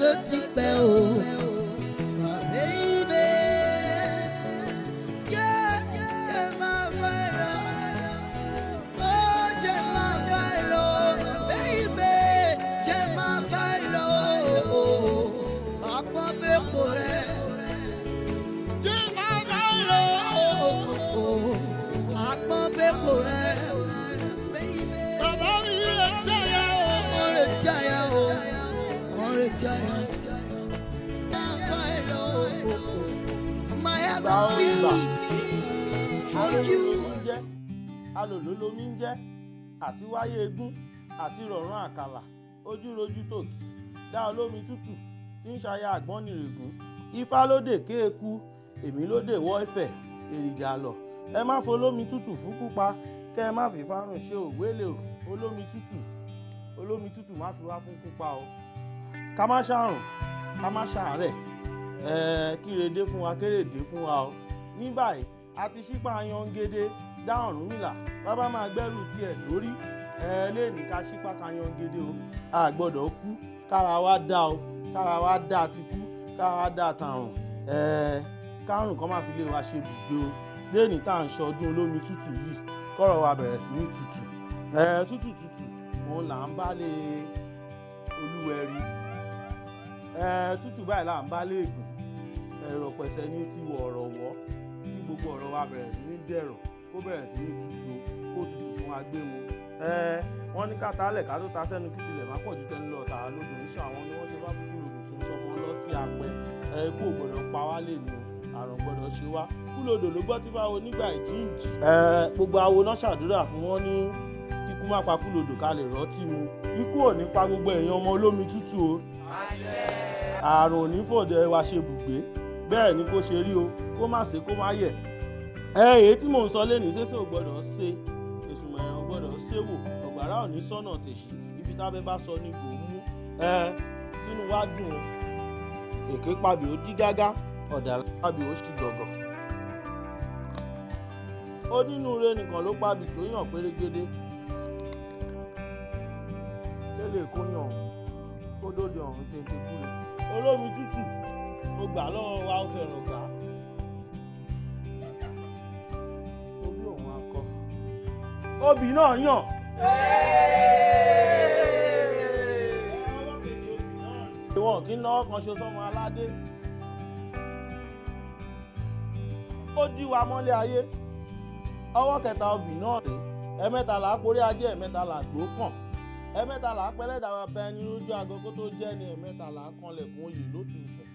tó ti pẹ́ o. alòló lomi ń jẹ́ àti wáyé egún àti rọ̀rùn àkàlà ojúrojú tòkì dá olómi tútù tí ń ṣaya àgbọ́nìrègún ifá lóde kéeku èmi lóde wọ́ ìfẹ́ èrìjà lọ ẹ má folómi tútù fún pupa kẹ́ ẹ má fi fárùn ṣe ògbélé o olómi tútù olómi tútù má fi wá fún pupa o ká má ṣàrùn ká má ṣàárẹ̀ ẹ kírèdé fún wa kérèdé fún wa o ní báyìí a ti ṣípa yan gédé dá Ọ̀rúnmìlà bàbá máa gbẹ́rù tiẹ̀ lórí ẹ léèrè ká ṣípá ká yan o a gbọ́dọ̀ kú kára wa dá o kára wa dá ti kú kára wa dá tàrùn ẹ kárùn kan máa fi lè wá ṣe bùgbé o léèrè tá à ń ṣọdún olómi tútù yìí kọ́rọ̀ wa bẹ̀rẹ̀ sí ní tútù ẹ tútù tútù òun là ń bá lè olúwẹ̀rí ẹ tútù báyìí là ń bá lè gùn ẹ̀rọ pẹ̀sẹ̀ ní tiwọ̀ ọ̀rọ̀ wọ́ gbogbo ọ̀rọ̀ wa bẹ̀rẹ̀ sí ní dẹ̀rọ̀ bẹ̀rẹ̀ sí ní tutù kó tutù fún agbému wọ́n ní kàtàlẹ̀ ká tó ta sẹ́nu kìtìlẹ̀ má pọ̀ ju tẹ́nu lọ tààrà lódò ń ṣe àwọn ni wọ́n ṣe bá fúkú lòdò tó ń ṣọmọ ọlọ́tí apẹ ikú ò gbọ́dọ̀ pa wá lè nù àrùn gbọ́dọ̀ ṣe wá kú lòdò ló gbọ́ tí báwo nígbà ìjíǹjì. gbogbo awo náà ṣàdúrà fún wọn ní kíkú má pa kú lòdò ká lè rọ́tì mu ikú ò ní pa gbogbo èèyàn ọmọ olómi tútù o àrùn ò ní fòdè wa ṣe bùgbé bẹ́ẹ̀ ni kó ṣe rí o kó má ṣe kó má yẹ̀ Ee, èyí tí mò ń sọ lẹ́nu ṣé ṣé ò gbọ́dọ̀ ṣe èsùnmọ̀ ẹ̀rọ gbọ́dọ̀ ṣe ọ̀gbàrá ò ní sọ́nà ibi tábẹ́ bá sọ ni kò mú ẹ nínú wá dùn èké pàbí ó dí gágá ọ̀dàlá pàbí ó ṣì gọ̀gọ̀ lo nìkan ló pàbí tó yàn pérégedé tẹ́lẹ̀ kó yàn kó dóde ọ̀run tètè kúrò olómi wa ó fẹ́ràn gbà obì náà yàn. ìwọ̀n kí náà kan ṣe sọ́mọ aládé ó dí wa mọ́lé ayé ọwọ́ kẹta obì náà rèé ẹ̀mẹ́ta là á porí ajé ẹ̀mẹ́ta là á gbó kàn ẹ̀mẹ́ta là á pẹ́lẹ́ dàwa bá ẹni lójú aago kó tó jẹ́ ni ẹ̀mẹ́ta là á kanlẹ̀kùn oyè lótú ìfẹ́.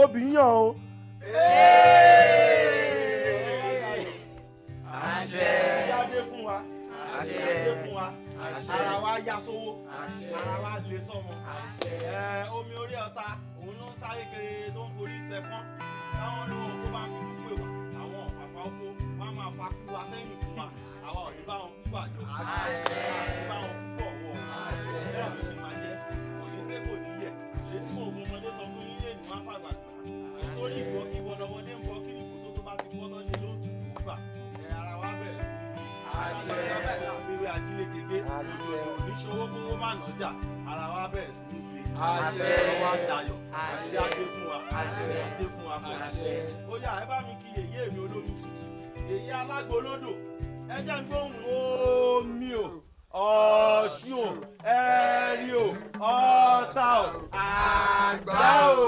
obì yàn o. Hey! àṣẹ ìyáde fún wa àṣẹ ìyáde fún wa ara wa ya sówó ara wa lè sọmọ omi orí ọ̀tá òun ló ń sáré kiri tó ń forí sẹpọn táwọn olówó kó bá fi kú pè àwọn ọ̀fàfà oko wọn máa fa kú wa sẹ́yìn fún wa àwa ò ní bá wọn kú àjọ àṣẹ àti bá wọn kú. bẹ́ẹ̀ náà fi wé ajílẹ̀ kégbé òdòdó oníṣòwò kówó má nọjà ara wa bẹ̀rẹ̀ sí ní ilé àṣẹ wa dayọ̀ àṣẹ adé fún wa àṣẹ adé fún wa kò àṣẹ. ó yá ẹ bá mi kí yèyé mi olómi tutù èyí alágbo olódò ẹ ń gbóhùn omi o ọ̀ṣun o ẹ̀rí o ọ̀tà o àgbà o.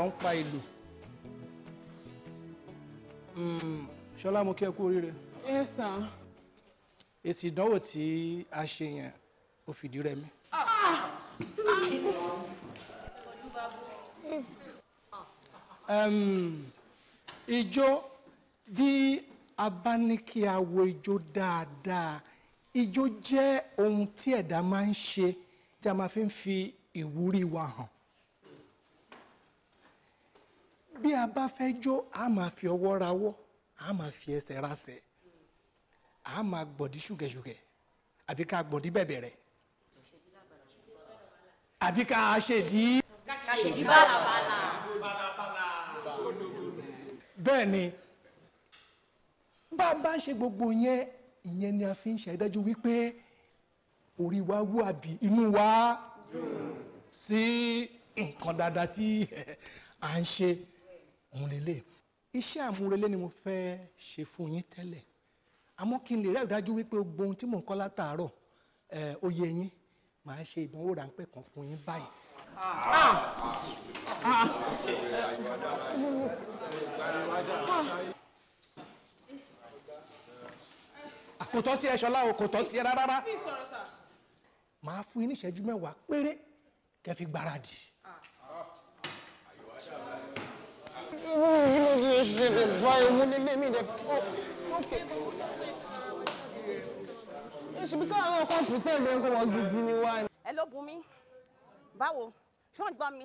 sọ̀rọ̀ ń pa ìlú hmm, ṣọlá mo kí ẹ kú oríire. ẹ sàn. èsì ìdánwò tí a ṣe yẹn ó fìdí rẹmi. ijó bí a bá ní kí a wo ijó dáadáa ijó jẹ́ ohun tí ẹ̀dá máa ń ṣe tí a máa fi ń fi ìwúrí wa hàn bí a bá fẹ́ jó a máa fi ọwọ́ rawọ́ a máa fi ẹsẹ̀ rasẹ̀ a máa gbọ̀dí ṣùgẹ̀ṣùgẹ̀ àbí ká gbọ̀dí bẹ̀bẹ̀rẹ̀ àbí ká ṣèdí. ká ṣèdí bàlàbàlà. bẹ́ẹ̀ ni bá a bá ń ṣe gbogbo yẹn ìyẹn ni a fi ń ṣàìdájú wípé orí wa wú àbí inú wa sí nǹkan dáadáa tí à ń ṣe òun lélẹ̀ iṣẹ́ àmúrelé ni mo fẹ́ ṣe fún yín tẹ́lẹ̀ àmọ́ kí n lè rẹ́ ìdájú wípé gbogbo ohun tí mò ń kọ́ látàárọ̀ ó yé yín màá ṣe ìdánwò ráńpẹ́ kan fún yín báyìí. kò tọ́ sí ẹ ṣọlá o kò tọ́ sí ẹ rárá màá fún yín ní ìṣẹ́jú mẹ́wàá péré kẹ́ fi gbáradì. ẹ ló bùn mí báwo ṣé wọn gbọ́ mi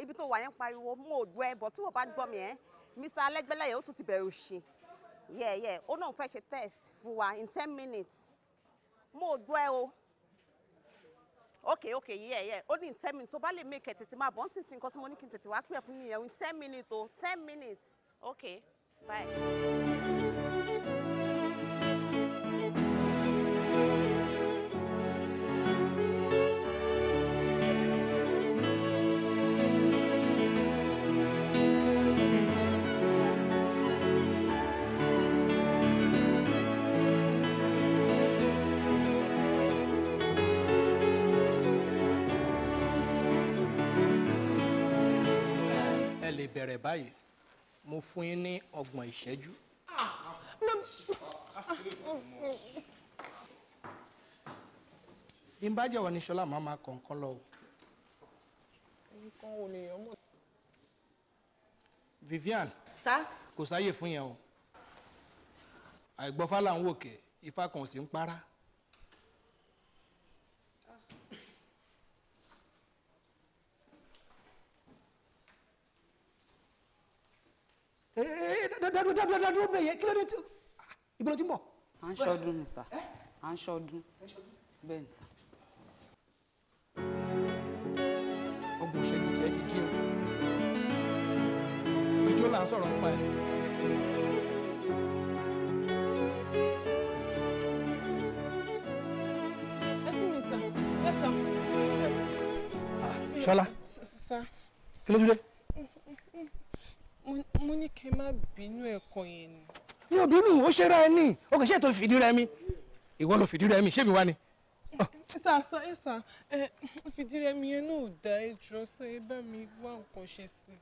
ibi tó wà yẹn pariwo mo ò gbọ́ ẹ bọ̀ tí wọ́n bá gbọ́ mi ẹ Mr. Alẹ́gbẹ́lẹ́yẹ ó tún ti bẹ̀rẹ̀ òṣì yẹ̀yẹ̀ ó náà fẹ́ ṣe test fún wa in ten minutes mo ò gbọ́ ẹ o okay okay yeah yeah Only in ten minutes So, bá make it. tètè máa bọ̀ ń sìn sí nǹkan tí mo ní kí n tètè wá pè fún yìnyẹn in ten minutes o ten minutes okay bye. bẹ̀rẹ̀ báyìí mo fún yín ní ọgbọ̀n ìṣẹ́jú. bí n bá jẹ̀wọ́ ní ṣọlá màá máa kọ̀ọ̀kan lọ Vivian. sá. kò sáyè fún yẹn o àìgbọ́fá là ń wòkè ifá kan ò sí ń para. dádúró dádúró bẹ́ẹ̀ yẹn kí ló dé tí ìgbọ́dọ̀ ti ń bọ̀. à ń ṣọdún ni sà à ń ṣọdún bẹ́ẹ̀ o ìjọ là ń sọ̀rọ̀ nípa ẹ̀. Ṣọlá kí ló tún dé mo ní kí n má bínú ẹ̀kan yẹn ni. mi ò bínú ó ṣe ra ẹ ní o kò ṣe ètò fìdí rẹ mi ìwọ ló fìdí rẹ mi ṣé mi wá ni. ẹsà sá ẹsà ẹ fìdí rẹ mi yẹn náà ò dá ẹ jọ sọ ẹ bá mi wá nǹkan ṣe sí.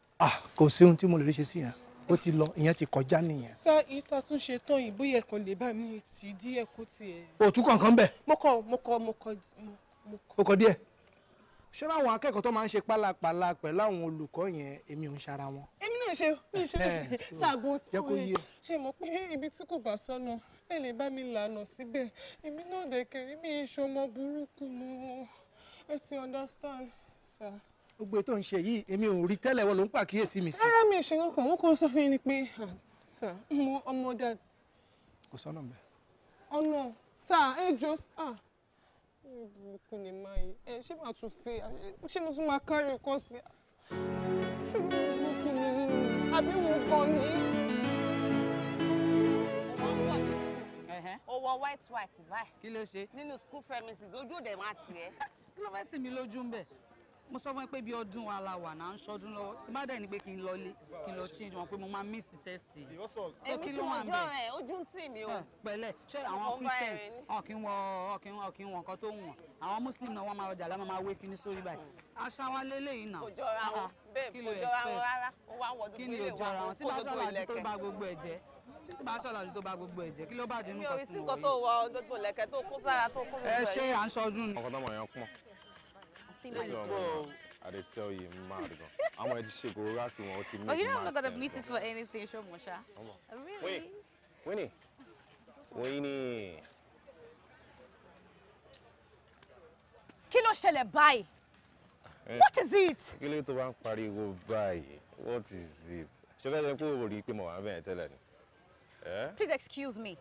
kò sí ohun tí mo lè rí ṣe sí yẹn ó ti lọ ìyẹn ti kọjá nìyẹn. sá ìta tún ṣe tán ìbú yẹ kan lè bá mi tì í díẹ̀ tiẹ̀. òtún kankan bẹ. mo kọ mo kọ mo kọ. o kọ díẹ̀ ṣé láwọn akẹ́kọ̀ọ́ tó máa ń ṣe pálapàla pẹ̀lú àwọn olùkọ́ yẹn èmi ò ń ṣara wọn. èmi náà ṣe mi ṣe ṣàgùn tí mo yẹ ṣe mọ̀ pé ibi tí kò bá sọnà ẹ lè bá mi lànà síbẹ̀ èmi náà dẹ̀kẹ̀rẹ́ mi ìṣọmọ burúkú mu ẹ ti understand sir gbogbo ètò ń ṣe yìí èmi ò rí tẹ́lẹ̀ wọ́n ló ń pàkíyèsí mi sí. rárá mi ò ṣe kankan wọn kò sọ fún yín ni pé ah, mo ọmọ dad. kò sọ́nà bẹ́ẹ̀. ọ̀nà sà ẹ jọ sà kò lè máa yìí ẹ ṣé màá tún fẹ́ ṣé mo tún máa kárí nǹkan sí i ṣùgbọ́n mo kù mí àbí mo kàn ní. ó white white báyìí. kí ló ṣe. nínú school premises ojú òde máa tì ẹ́. kí ló fẹ́ tì mí lójú ń bẹ̀ mo sọ fún ẹ pé bí ọdún wa la wà náà ń ṣọdún lọ́wọ́ tí bá dẹ̀ ni pé kí n lọ lé kí n lọ change wọn pé mo máa miss test yìí. èmi tí mo jọ ẹ ojú ń tì mí o. pẹ̀lẹ́ ṣé àwọn christian ọkìn wọ ọkìn ọkìn wọn kan tó wù àwọn muslim náà wọn máa ọjà láwọn máa wé kíní sórí báyìí aṣa wa lélẹyìn náà. kò jọra wọn bẹ́ẹ̀ kò jọra wọn rárá ó wá wọdún kí ni ò jọra wọn tí bá ṣàlàyé tó bá gbogbo ẹ jẹ tí bá ṣàlàyé tó bá gbogbo ẹ jẹ kí ló bá dínú kan fún wọn. mi ò rí sí nǹkan tó wọ ọdún tó tó kó sára tó kó lọ yìí. ẹ ṣe à ń ṣọdún ni. ọkọ tó mọ̀ yẹn see my I did tell you, mad I'm going to go rock you want you know I'm not going to miss it for anything, show Mosha. Come Really? Wait. Winnie. Winnie. Kilo ló ṣẹlẹ̀ eh. báyìí? What is it? Kilo ló tó bá ń pariwo What is it? Ṣé fẹ́ sọ pé o rí i pé mo wà bẹ́ẹ̀ eh? Please excuse me.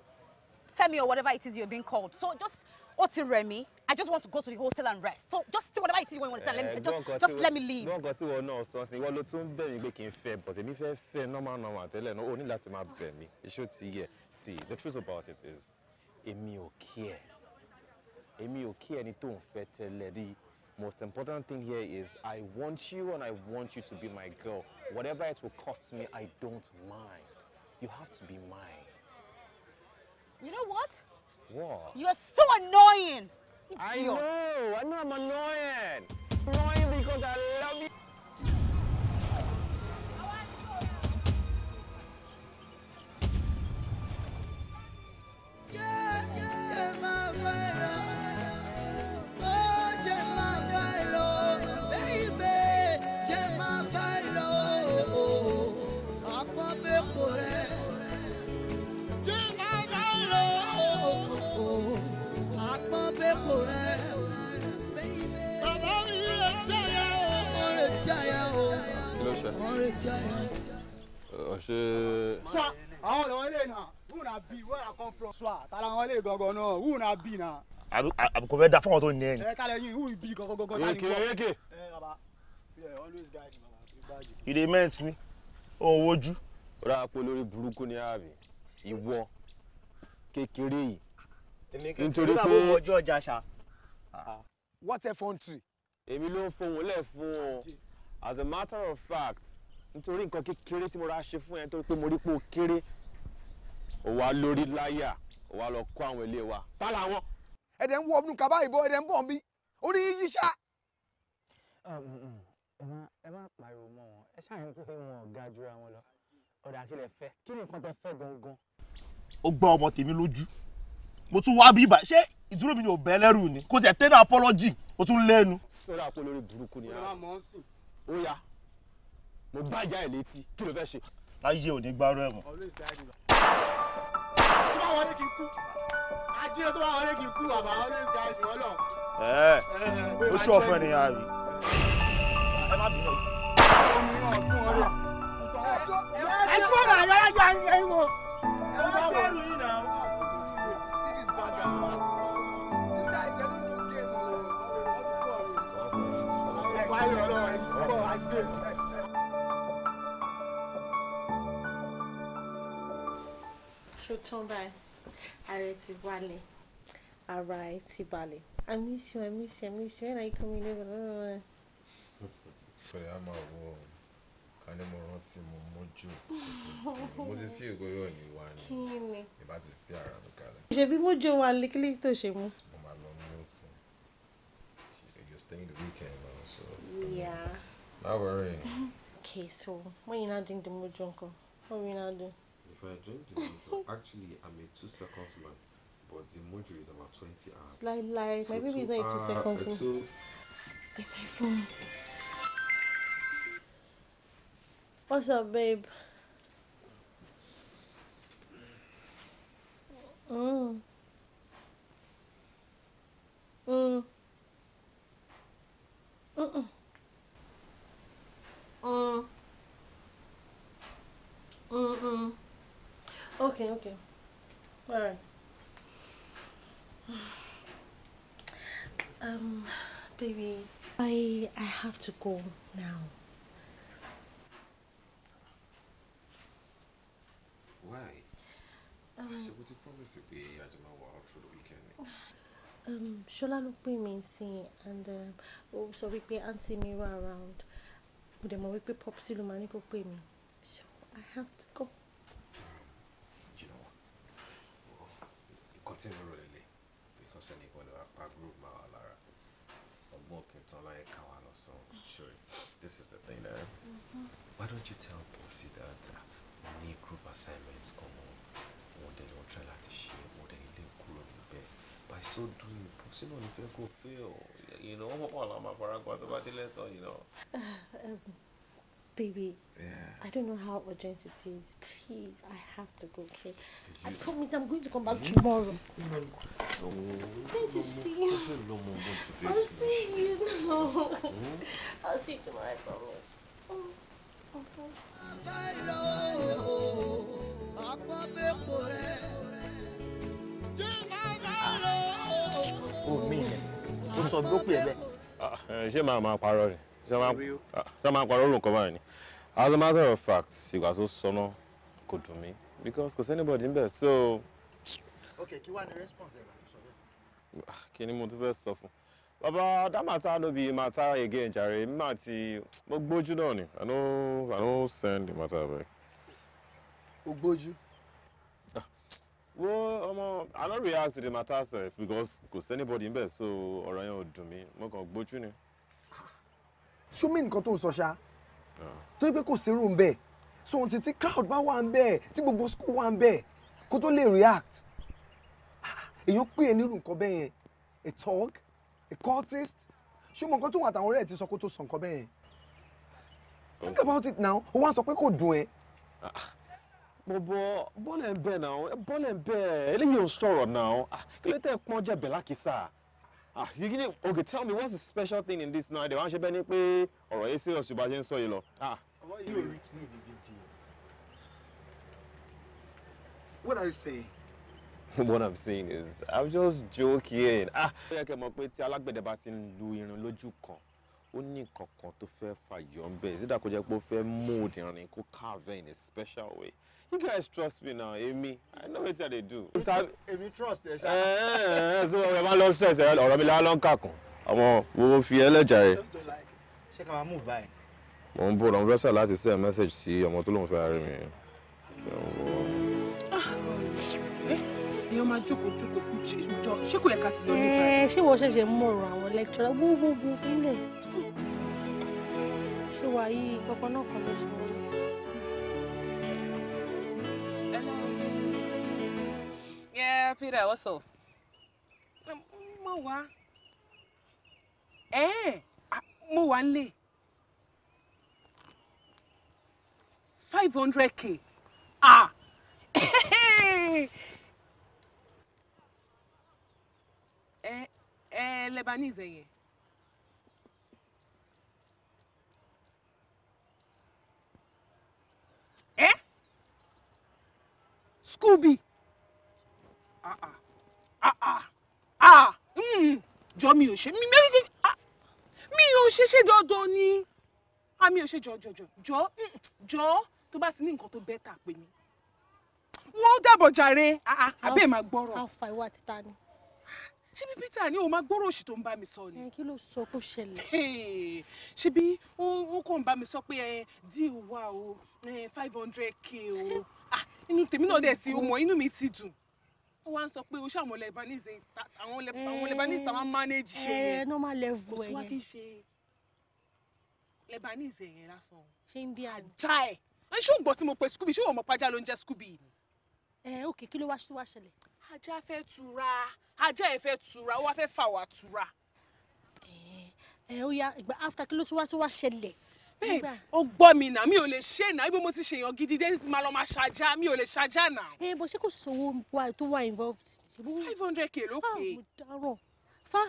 Femi or whatever it is you're being called. So just Otiremi. ti I just want to go to the hostel and rest. So just see whatever it is you want to understand. Let me, eh, just, just let me leave. No, kan tí wọn náà sọ sí, wọ́n ló tún bẹ̀ fair, but kí n fair, but èmi fẹ́ fẹ́ normal normal tẹ́lẹ̀ náà ó ní láti máa bẹ̀ mí. Iṣó ti yẹ. See, the truth about it is, èmi okay. care. okay. ò care ẹni tó ń fẹ́ Most important thing here is I want you and I want you to be my girl. Whatever it will cost me, I don't mind. You have to be mine. You know what? What? You're so annoying! I know! I'm not annoyed! Annoyed because I love you! ṣe. sọ àwọn ọ̀dọ́ ilé náà wù náà bí where I come from. sọ àtàlà àwọn ilé gangan náà wù náà bí náà. àbùkù fẹ́ da fún àwọn tó ní ẹ ẹ kálẹ̀ yín wù bí gangan náà ni. èké me baba. ìdè mẹ́ǹtì ni òun wojú. rà á pé olórí burúkú ni àbí ìwọ kékeré yìí. nítorí pé nígbà wo ọjọ́ ọjà ṣá. Ah. what a èmi ló ń fohùn lẹ̀ fún ọ as a matter of fact nítorí nǹkan kékeré tí mo ra ṣe fún ẹ nítorí pé mo rí pé o kéré o wá lórí láyà o wá lọ kó àwọn ilé wa tá làwọn. ẹ̀dẹ̀ ń wọ ọdún kaba ìbò ẹ̀dẹ̀ ń bọ̀ ń bí orí yíyí ṣá. Ah, mm, mm. ẹ má ẹ má pariwo mọ́ wọn ẹ ṣáà ń pè wọn ọ̀gá ju àwọn lọ ọ̀dà kí lẹ kí ni nǹkan tẹ fẹ́ gangan. ó gbá ọmọ tèmi lójú mo tún wá bí ibà ṣé ìdúró mi ò bẹ́ lẹ́rù ni kò tẹ̀ tẹ́lẹ̀ apology o tún lẹ́nu. sọ́dọ̀ àpò lórí burúkú ni a. ó yà mo bá ìyá ẹ̀ létí kí ló fẹ́ ṣe. láyé ò ní ẹ̀wọ̀n. tó bá wọlé kí n kú ajé tó bá wọlé kí n kú bàbá always guide me ọlọ. ẹ ẹ ó ṣú ọ̀fẹ́ ni a rí. ẹ má bínú. ẹ tún ọ̀nà àyọ̀lá ẹ̀yìn wò. tán báyìí ara ẹ ti balẹ̀. ara ẹ ti balẹ̀ I miss you I miss you I miss you when are you coming over. ìfẹ́ a máa wọ ká ní mo rántí mo mójú mo ti fi ìgò yóò ní wa ni ìbá ti fi ara mi kalẹ̀. ìṣèbí mójú wa lékelé tó ṣe mú. mo máa lọ ní òsín you staying the weekend now so. yeah. no worry. okay so when you now drink the mojo nkan what will you now do. I joined the mojo, actually, I'm a two seconds man, but the module is about twenty hours. Like, like, so my baby is not a two seconds man. Uh, two... Get my phone. What's up, babe? Mm. Mm. Mm-mm. Mm. Mm-mm. Okay, okay. Alright. Um, baby, I I have to go now. Why? Um, ṣe kò ti promise pé àjọ máa wà out for the weekend ni. Um, Ṣọlá ló pè mí sí and ó um, oh, so we pay auntie wà around. Mo dẹ̀ mọ̀ wípé popsi ló máa ní kó So I have to go. nǹkan tí because ẹnìkan ni wàá pa group máa wà lára ọgbọ́n kìntàn láyé ká wà lọ sọ sure this is the thing eh? mm-hmm. why don't you tell Bossy that uh, mo uh, ní group assignment ọmọ wọn dẹ̀ lọ́ọ́ try láti ṣe wọn dẹ̀ ilé kúrò níbẹ̀ by so doing Bossy náà ní fẹ́ kó fail you know wọ́n pọ̀ làwọn àpárá gbọ́dọ̀ bá délé tán you know. baby. Yeah. I don't know how urgent it is. Please, I have to go. Okay. You, I promise I'm going to come back tomorrow. On, no, going to see you. No I'll see you. No. Hmm? I'll see you tomorrow. I promise. Oh. Hmm. Okay. Oh, me. What's up, look at that? Ṣé màá máa parọ́ ni? ṣé ma ah, ń parọ́ òrùn kan as a matter of fact ìgbà tó sọnà kò dùn mí because kò sẹ́nibọ̀dì ń bẹ̀ so. ok kí wàá response ẹ̀ bá tó sọ bẹ́ẹ̀. Ah, kí ni mo tún fẹ́ sọ that matter no be matter again jàre mi máa ti mo gbójú ni i no i no send the matter back. ogboju? gbójú. Ah, wo ọmọ i no react to the matter sef because kò sẹ́nibọ̀dì ń bẹ̀ so ọ̀rọ̀ yẹn ò dùn mí mo kàn gbójú ni. ṣómi nǹkan tó ń sọ ṣá ah. torí pé kò sérò ń bẹ so ohun tí crowd bá wà ń bẹ tí gbogbo school wà ń bẹ kó tó lè react ah, èèyàn pè é nírú nǹkan bẹ́ẹ̀ yẹn a thug a cultist ṣùgbọ́n nǹkan tó wà táwọn ọ̀rẹ́ ẹ̀ ti sọ kó tó sọ nǹkan bẹ́ẹ̀ yẹn think oh. about it now ó wá sọ pé kò dùn ẹ́. Ah. bọ̀bọ̀ bọ́ọ̀lù ẹ̀ ń bẹ̀ náà bọ́ọ̀lù ẹ̀ ń bẹ̀ eléyìí ò ń sọ̀rọ̀ náà kí ló tẹ̀ pọ́n jẹ̀bẹ̀ lákìsà ah you give okay tell me what's the special thing in this now de wa ṣe bẹ́ẹ̀ ni pé ọ̀rọ̀ yẹn serious ju bá ṣe ń sọ yìí lọ. ọwọ́ yìí ò rí kí ní ibi what are you saying. what i'm saying is i'm just joking. ah ó yẹ kẹ́ mọ̀ pé tí alágbẹ̀dẹ bá ti lu irin lójú kan ó ní nǹkan kan tó fẹ́ fàyọ̀ ń bẹ̀ sídà kó jẹ́ pé ó fẹ́ mold irin kó carve in a special way you guys trust me now èmi i know wetin i dey do. èmi trust ẹ ṣá. ẹ ẹ ṣé wọn máa lọ stress ẹ ọ̀rọ̀ mi láwọn lọ ń kàkùn ọmọ mo fi ẹlẹ́jà rẹ. ṣé ká máa move báyìí. mo ń bọ̀ ọ̀rọ̀ mo fẹ́ sà láti send message sí ọmọ tó lóun fẹ́ rí mi. Ah, èèyàn máa jókòó jókòó jọ ṣé kò yẹ ká ti lọ nípa ẹ. Eh, ṣé wọ́n ṣẹ̀ṣẹ̀ mú ọ̀rọ̀ àwọn lẹ́kítọ́rà gbogbogbò fílẹ̀ ṣé wàá yí ìkọ̀kọ̀ náà kan lọ sí wọn. Yeah, Peter, what's up? Mo wá. Eh, mo wá nílé. 500k. Ah! Eh, eh, Lebanese yẹn. Eh? Scooby jọ mi ò ṣe mi méjì mi ò ṣe ṣe dandan ni mi ò ṣe jọ jọ jọ jọ jọ tó bá ti ní nǹkan tó bẹ́tà pè mí. wọ́n dàbọ̀ jàre abẹ́ máa gbọ́rọ̀. a fa ìwà títa ni. ṣebí peter ni o máa gbọ́rọ̀ òṣì tó ń bá mi sọ ni. kí ló sọ kó ṣẹlẹ̀. ṣebí ó kàn ń bá mi sọ pé díì wà o five hundred k o inú tèmi náà dẹ̀ ti mọ̀ inú mi ti dùn tó wá ń sọ pé o ṣe àwọn lebanese àwọn lebanese táwọn eh, manage ṣe eh, yẹn normal level ẹ yẹn o tún wá kí n ṣe lebanese yẹn lásán ṣe india ajá ẹ ẹ ṣé ògbọ́n tí mo pe scooby ṣé òmò pàjá ló ń jẹ́ scooby ẹ eh, òkè kí ló wá ṣe wá ṣẹlẹ̀. ajá fẹ́ tura ajá ẹ fẹ́ tura ó wá fẹ́ fà wá tura. ẹ ẹ ó yá ìgbà after kí ló tún wá tún wá ṣẹlẹ̀ bẹ́ẹ̀ ó gbọ́ mi náà mi ò lè ṣe náà ibi mo ti ṣèyàn gidi dé máa lọ máa ṣàjà mi ò lè ṣàjà náà. ẹ bó ṣe kò sówó tó wà involved. five hundred k ló ah, pè é. fa.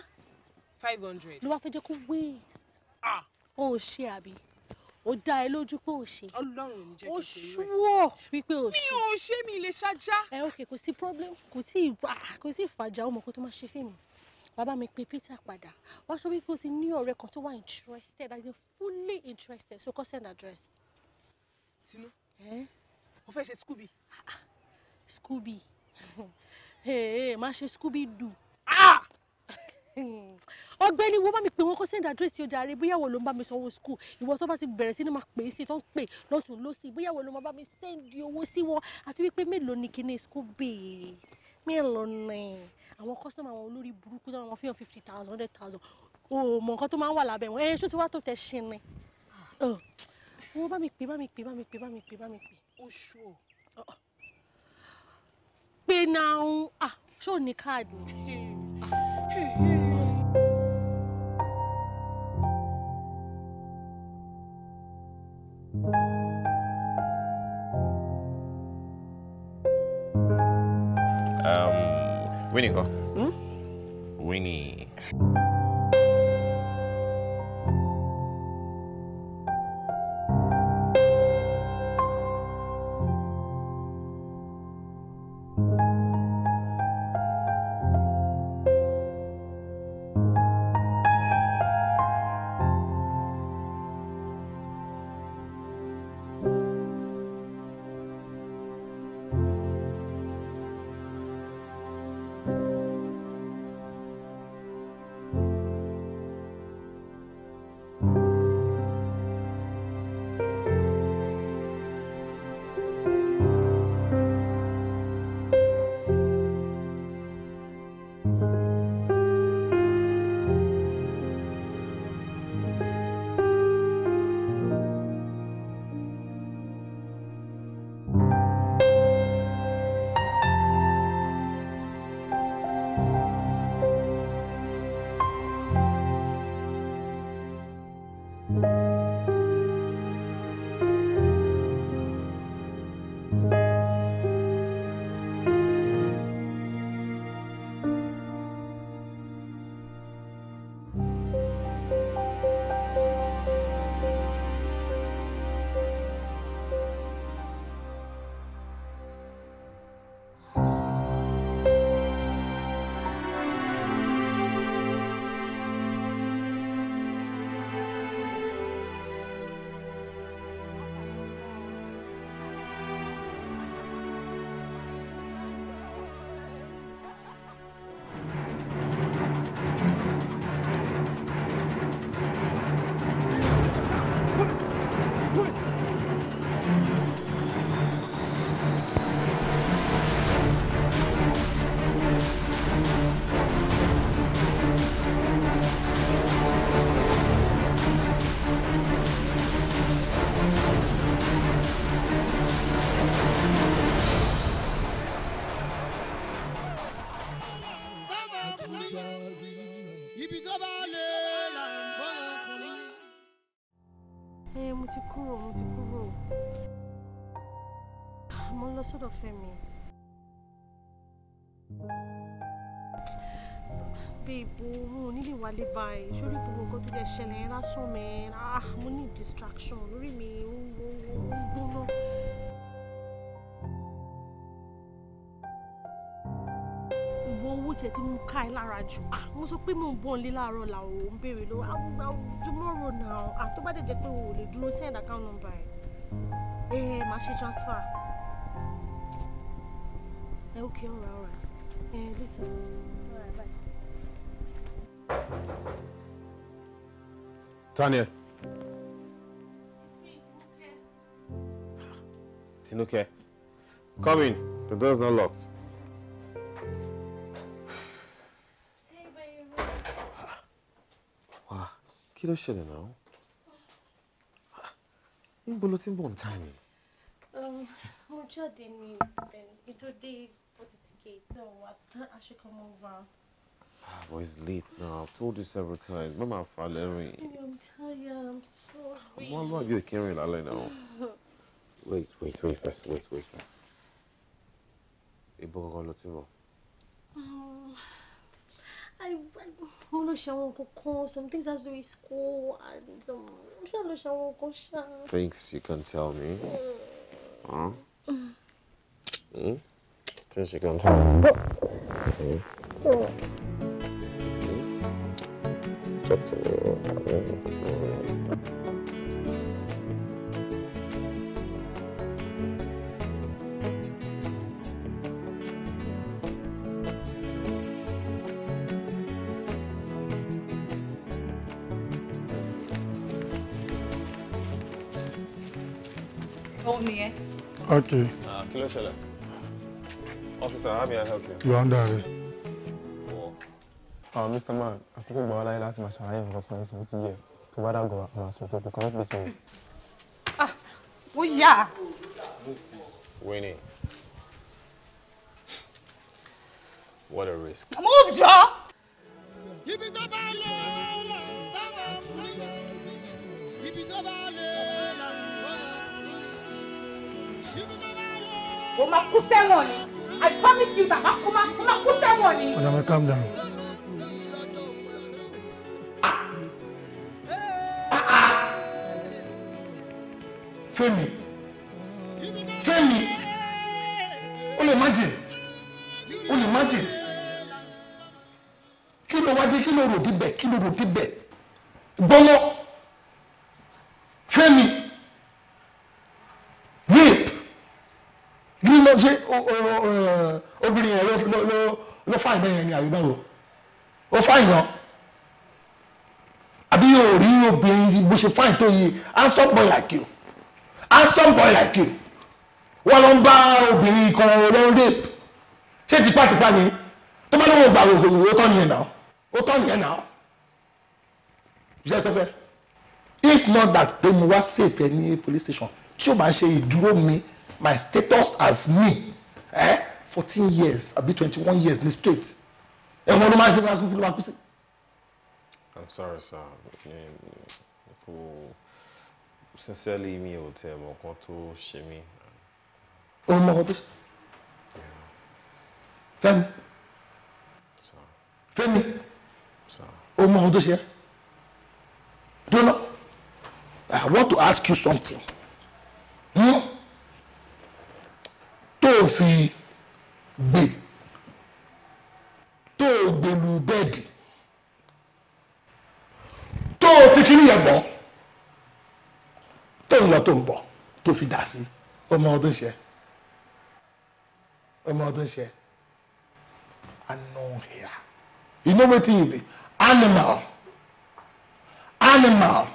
five hundred. ló wá fẹ́ jẹ́ kó waste. ah. o ò ṣe àbí ó dá ẹ lójú pé ò ṣe. Ọlọ́run ò ní jẹ́ kí n ṣe rẹ. ó ṣúwọ́ wípé ò ṣe. mi ò ṣe mi lè ṣàjà. ẹ ok kò sí problem kò tí ì ah, kò tí ì fàjà ó kó tó máa ṣe fíìmù bàbá mi pe Peter padà wọ́n sọ wípé o ti ní ọ̀rẹ́ kan tó wà interested as in fully interested so kọ́ send address. Tinu mo fẹ́ ṣe Scooby. Scooby má ṣe Scooby do. Ah! ọ̀gbẹ́ni wo bá mi pè wọn kó send address yóò jàre bóyá wo ló ń bá mi sanwó school ìwọ tó bá ti bẹ̀rẹ̀ sí ni máa pè é sí tó ń pè lọ́tún lọ́sì bóyá wo ló máa bá mi send owó sí wọn àti wípé mélòó ni kíní Scooby mélòó ni àwọn kọ́sítọ́mù àwọn olórí burúkú náà wọ́n fi hàn fifty thousand hundred thousand o mọ nǹkan tó máa ń wà lábẹ́ wọn ẹ̀ ṣó ti wá tó tẹ̀ ṣe ni wọ́n bá mi pè bá mi pè bá mi pè bá mi pè bá mi pè. oṣù o pé náà ṣó ní káàdì ni. thank you Winnie ńkọ́? Hmm? Winnie. babe o mo ní lè wálé báyìí sórí gbogbo nǹkan tó lè ṣẹlẹ̀ yẹn lásán mẹ́ ah mo ní distraction lórí mi ó ń gbóná. ìwọ owó tiẹ̀ tí mo ká ẹ lára jù ah mo sọ pé mo ń bọ̀ ń lé láàárọ̀ làwọn ò ń béèrè lọ́wọ́ àgbà tomorrow now ah tó bá dẹ̀ jẹ́ pé o ò lè dúró send account number ẹ̀ ẹ̀ eh, máa ṣe transfer ẹ̀ eh, ok ọ̀rọ̀ ọ̀rọ̀ ẹ̀ later. Tanya, Tani ẹ. Tinuke. Come in. The door's not locked. Wá, kí ló ṣẹlẹ̀ náà? Níbo ló ti ń bọ̀ ń tàn yìí? Um, mo jáde ní ìbẹ̀rù kí tó dé bó ti ti gé ìtàn Ah, but it's late now. I've told you several times. Mama Falerin. Oh, I'm tired. I'm sorry. Why are you carrying that line now? wait, wait, wait first. Wait, wait first. Ibo gan lo ti mo. Ah, I want to shower cocoa. Some things has to be school and some. Um, shower cocoa. Things you can tell me. Huh? Mm. Things you can tell me. Okay. Mm. Oh. Hmm? Mm. Òun nìyẹn. Okay. Ah, kí ló ṣẹlẹ̀? Officer, how may I help you? You're under arrest. Oh. Uh, ah, Mr. Man, àkókò gbà wá láti máa ṣàlàyé nǹkan fún ẹsẹ̀ ah, ó ti yẹ tó bá dàgbà àwọn àsùnkò kò kàn fèsì mi. bóyá. Winnie, what a risk. move jọ. ibi tó bá lè lọ báwọn ọkùnrin ibi tó bá lè lọ ibi tó bá lè. o ma kú sẹ́wọ̀n ni I promise you that ma kú ma kú sẹ́wọ̀n ni. madam calm down. Fẹ́mi Fẹ́mi o lè májè o lè májè kí ló wá dé kí ló rò bíbẹ̀ kí ló rò bíbẹ̀ gbọ́lọ́ Fẹ́mi rape lílọ ṣe obìnrin yẹn ló fáìn bẹ́ẹ̀ yẹn ni àyè báwo ó fáìn náà àbí yóò rí obìnrin bó ṣe fáìn tó yẹ handsome boy like you handsome boy like you wọ́n lọ ń bá obìnrin kan lọ ń rape ṣé tipátipá ni tó bá lóun gbà òwò ó tọ́ nìyẹn náà ó tọ́ nìyẹn náà jẹ́ sẹ́fẹ́ if not that pé mo wá safe ẹ ní police station tí o máa ṣe ìdúró mi my status as me eh? fourteen years àbí twenty-one years ní straight ẹ̀wọ̀n ló máa ṣe ló máa kú sí. i'm sorry sir kò. Cool sincerely mi ò tẹ ọmọ kan tó ṣe mí. o mọ ọdún Fẹ́mi Fẹ́mi o mọ ọdún ṣe dúró I want to ask you something hmm? tó o fi gbé tó o gbèlú bẹ́ẹ̀dì tó o ti kiri yẹn bọ́ tó lọ tó ń bọ̀ tó fi dà sí ọmọ ọdún ṣe ọmọ ọdún ṣe unknown you know wetin you be animal animal.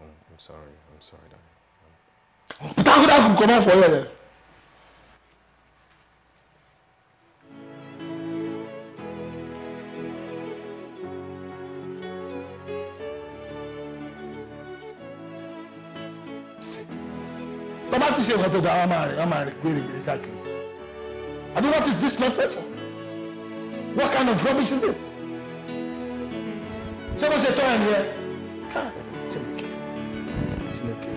Oh, I'm sorry, I'm sorry, darling. Put that, put that, come out tó bá ti ṣe nǹkan tó dáa wọn máa rìn wọn máa rìn gbèrègbèrè káàkiri I mean what is this process for what kind of rubbish is this ṣé bó ṣe tọ́ ẹ̀ nìyẹn ah, Chineke Chineke.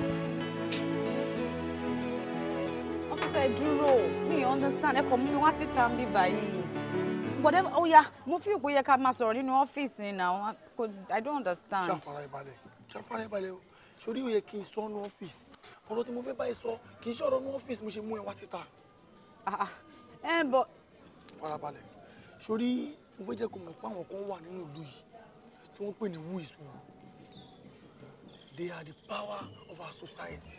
ọ́fíìsì ẹ̀ dúró mi understand ẹ̀kọ́ mú mi wá síta mi báyìí whatever oh ó yá mo fi ìpò yẹ ká máa sọ̀rọ̀ nínú ọ́fíìsì ni now I don't understand. ṣàfàrà ìbàlẹ̀ ṣàfàrà ìbàlẹ̀ o ṣorí ó yẹ kí n sọ́nù ọ́fíìsì ọ̀rọ̀ tí mo fẹ́ báyìí sọ kì í ṣe ní ọ́fíìsì mo ṣe mú ẹ wá síta. Ah, ah. ẹ ń bọ. farabalẹ̀ sórí mo fẹ́ jẹ́ kó mọ̀ pé kan wà nínú ìlú yìí tí wọ́n pè ní who is they are the power of our society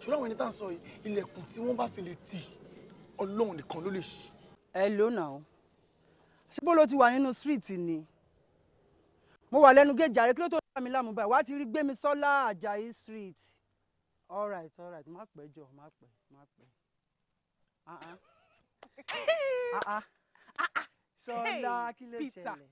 ṣùgbọ́n àwọn ẹni tá à ń sọ yìí ilẹ̀kùn tí wọ́n bá fi lè tì ọlọ́run nìkan ló lè ṣí. ẹ ló nà ó ṣé bó ló ti wà nínú street ni mo wà lẹ́nu gé jàre kí ló tó dá mi láàmú báyìí wàá ti rí Gbémisọ́lá Àjàyí street all right all right má pẹ́ jọ má pẹ́ má pẹ́ ah ah ah ah sọlá kí ló ṣẹlẹ̀.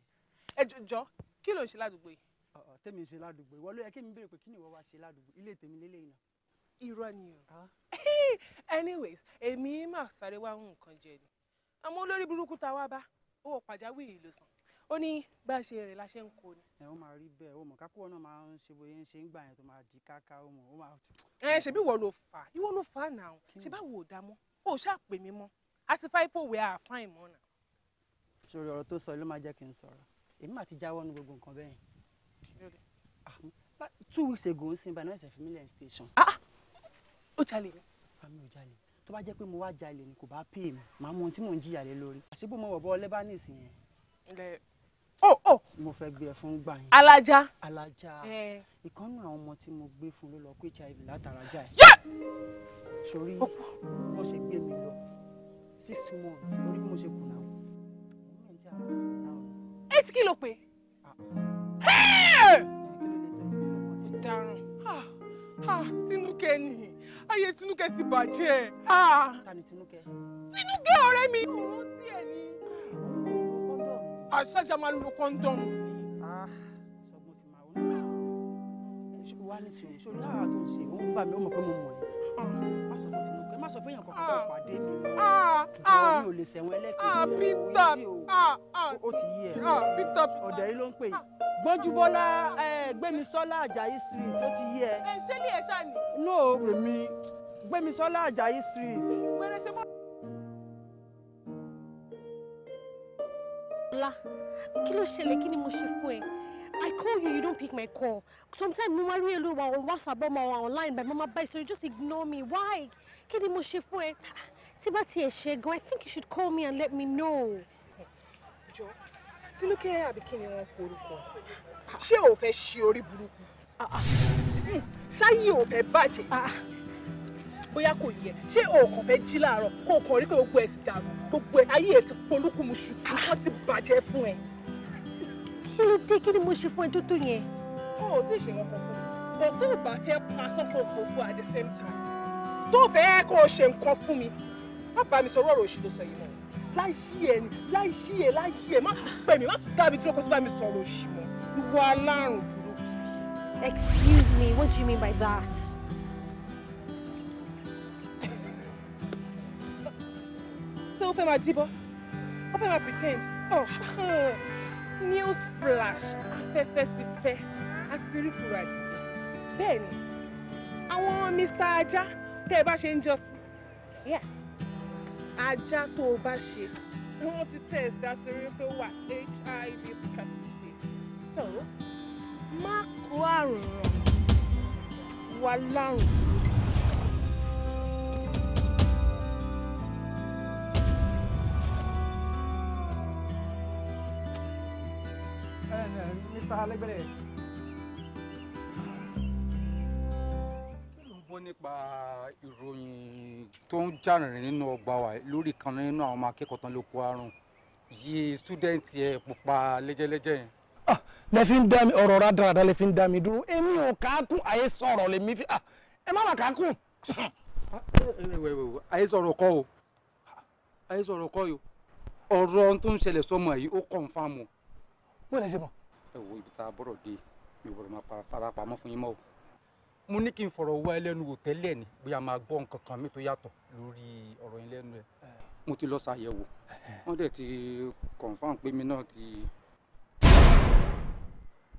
ẹ jọjọ kí ló ń ṣe ládùúgbò yìí. ọ̀ọ́ tèmi ń ṣe ládùúgbò ìwọ ló yẹ kí mi béèrè pé kí ni ìwọ wá ṣe ládùúgbò ilé tèmi lélẹ́yìn náà. irọ́ ni o ah. anyways èmi máa sáré wá nǹkan jẹ ni àmọ́ olórí burúkú tá a wá bá owó pàjáwìrì ló san ó ní bá a ṣe rìn la ṣe ń kó ni. ẹ ó máa rí bẹ́ẹ̀ ó mọ kákó ọ̀nà máa ń ṣe bóyá ń ṣe ń gbà yẹn tó máa di káká ó mọ ó máa. ẹ ṣebí ìwọ ló fà á ìwọ ló fà á nà ó ṣe bá wò ó dá mọ o ṣáà pè mí mọ a ti fáìpò wẹ àfáìn mọ nà. sori ọ̀rọ̀ tó sọ ló máa jẹ́ kí n sọ̀rọ̀ èmi máa ti jáwọ́ nu gbogbo nǹkan bẹ́ẹ̀ ah, two weeks ago ń sin banáà ìṣẹ̀fún mílíọ̀n station. Ah, ah, ó jalè ni. àmì ò jalè tó bá jẹ́ pé mo wá jalè ni kò bá pè mí màá mọ ohun tí mò ń jìyà lé lórí àṣé mo wọ̀ bọ́ ọlẹ́ bá nìsín oh oh. mo fẹ́ gbé ẹ fún gbà yín. alájà. alájà ìkànnì àwọn ọmọ tí mo gbé fún ló lọ pé hiv látara jà yìí. sori mo oh. ṣe gbé mi lọ six months orí mo ṣe kùnà. eight kilo pé. ọ̀daràn ah. tinúkẹ́ ni ayé tinúkẹ́ ti bàjẹ́. sinuke. ni tinúkẹ́. tinúkẹ́ mi. òun tiẹ̀ ni àṣàjà máa lo kọ́ńdọ̀m. Ah, wá ní ah sórí lára tó ń ṣe ó ń bà mí ó mọ̀ pé mo mọ̀ ẹ́ ah, má sọ fún tìǹbù ah má sọ fún èèyàn kankan kó ah, pàdé mi jọ mi ò lè ah ah ah ah ah ah ah yìí ló ń pè yìí gbọ́njúbọ́lá gbẹ́misọ́lá àjàyí street ó ti yí ẹ. ẹ ṣé ní ẹ̀ṣá ni. no èmi gbẹ́misọ́lá àjàyí street. wẹ́rẹ́ ṣe mọ́. Bla, kí ló ṣẹlẹ̀ kí ni mo ṣe fún ẹ? I call you, you don't pick my call. Sometimes mo máa rí ẹlò wa on WhatsApp ọmọ wa online by mama bye so you just ignore me. Why? Kí ni mo ṣe fún ẹ? Tí bá tiẹ̀ ṣe gan, I think you should call me and let me know. Jọ, Tinúkẹ́ abikini kí ni wọ́n porúkọ? Ṣé o fẹ́ ṣe orí burúkú? Ah, ah. Hmm, ṣáyé o fẹ́ bàjẹ́? Ah, bóyá kò yẹ ṣé òòkàn fẹ́ jí láàárọ̀ kó o kàn rí pé gbogbo ẹ̀ ti dàrú gbogbo ẹ̀ ayé ẹ̀ ti polúkúmuṣu nǹkan ti bàjẹ́ fún ẹ. kí ló dé kí ni mo ṣe fún ẹ tó tó yẹn. o ò tí ì ṣe nǹkan fún mi bọ̀ tó o bá fẹ́ pa sọ́kàn fún at the same time tó o fẹ́ kó o ṣe nǹkan fún mi má bá mi sọ ọ̀rọ̀ òṣèlú sọ yìí mọ́ láyé ẹ láyé ẹ láyé ẹ má tún pè mí má tún dábì dúró kó tún bá mi Excuse me, what do you mean by that? ó fẹ́ máa diva. ó fẹ́ máa pretend oh hmm. news flash afẹ́fẹ́ ti fẹ́ àti rí fúradì bẹ́ẹ̀ ni àwọn Mr ajá tẹ́ ẹ bá ṣe ń jọ yes ajá to o I want to test láti rí pé what HIV positive so má kó àrùn ràn tára lẹ́gbẹ̀rẹ̀ kí ló ń bọ́ nípa ìròyìn tó ń jàrìnrìn nínú ọgbà wa lórí ìkànnì nínú àwọn ọmọ akẹ́kọ̀ọ́ tán ló kó àrùn yìí stúdẹ̀ǹtì ẹ̀ pupa lẹ́jẹ́lẹ́jẹ́ yẹn ah, lẹ fi ń dá mi ọ̀rọ̀ rádaràda lẹ fi ń dá mi dúró èmi ò káàkùn àyè sọ̀rọ̀ lè fi ah, ẹ má mà káàkùn. Eh, àyè sọ̀rọ̀ kọ́ o àyè sọ̀rọ̀ kọ́ o ọ̀rọ̀ tó ń ṣẹlẹ̀ sọmọ yìí ó kọ̀ǹfàmù. wọ́n lè ṣe mọ́ ẹ wo ibi tá a bọ̀rọ̀ dé mi ò máa fara pamọ́ fún yín mọ́ o. mo ní kí n fọ̀rọ̀ wá ẹlẹ́nu wò tẹ́lẹ̀ ni bóyá máa gbọ́ nǹkan kan mi tó yàtọ̀ lórí ọ̀rọ̀ yín lẹ́nu ẹ̀. mo ti lọ ṣàyẹ̀wò wọ́n dẹ̀ ti confam pé mi náà ti.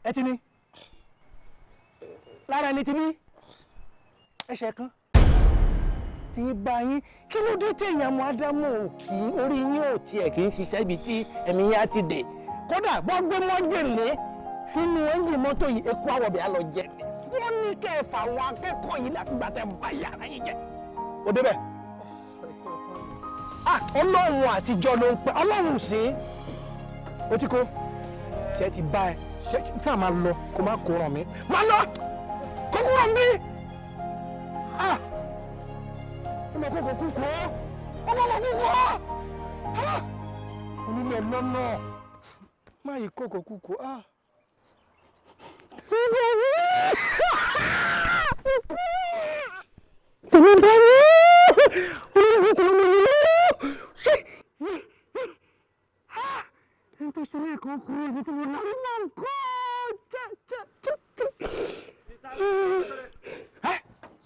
ẹ ti ní lára ẹni ti ní ẹsẹ̀ kan tí ń bá yín kí ló dé téèyàn mọ ádámù òkì orí yín ò tiẹ̀ kì í ṣiṣẹ́ ibi tí ẹ̀mí yín ti dé kódà bọ́ gbé mọ́jèlé sínú ẹ́ńjìn mọ́tò yìí eku àwọ̀bẹ̀ á lọ jẹ wọ́n ní kẹ́ ẹ fà àwọn akẹ́kọ̀ọ́ yìí láti gbà tẹ́ bá yàrá yìí jẹ. ó débẹ̀ ah, ọlọ́run àtijọ́ ló ń pẹ́ ọlọ́run sí ó ti kó tiẹ̀ ti bá ẹ tiẹ̀ ti ká máa lọ kó má kó ràn mí má lọ kó kó ràn mí ọmọ kókó kúkú ọmọ kókó kúkú ó lọ́nà má yí kòkò kúkò á. tèmi bá yẹ olùkọ́ mi ni ṣe. ẹni tó ṣe lẹ́ẹ̀kan kú ẹni tí mo lárí náà ń kọ́ jẹ́ jẹ́ jẹ́ jẹ́.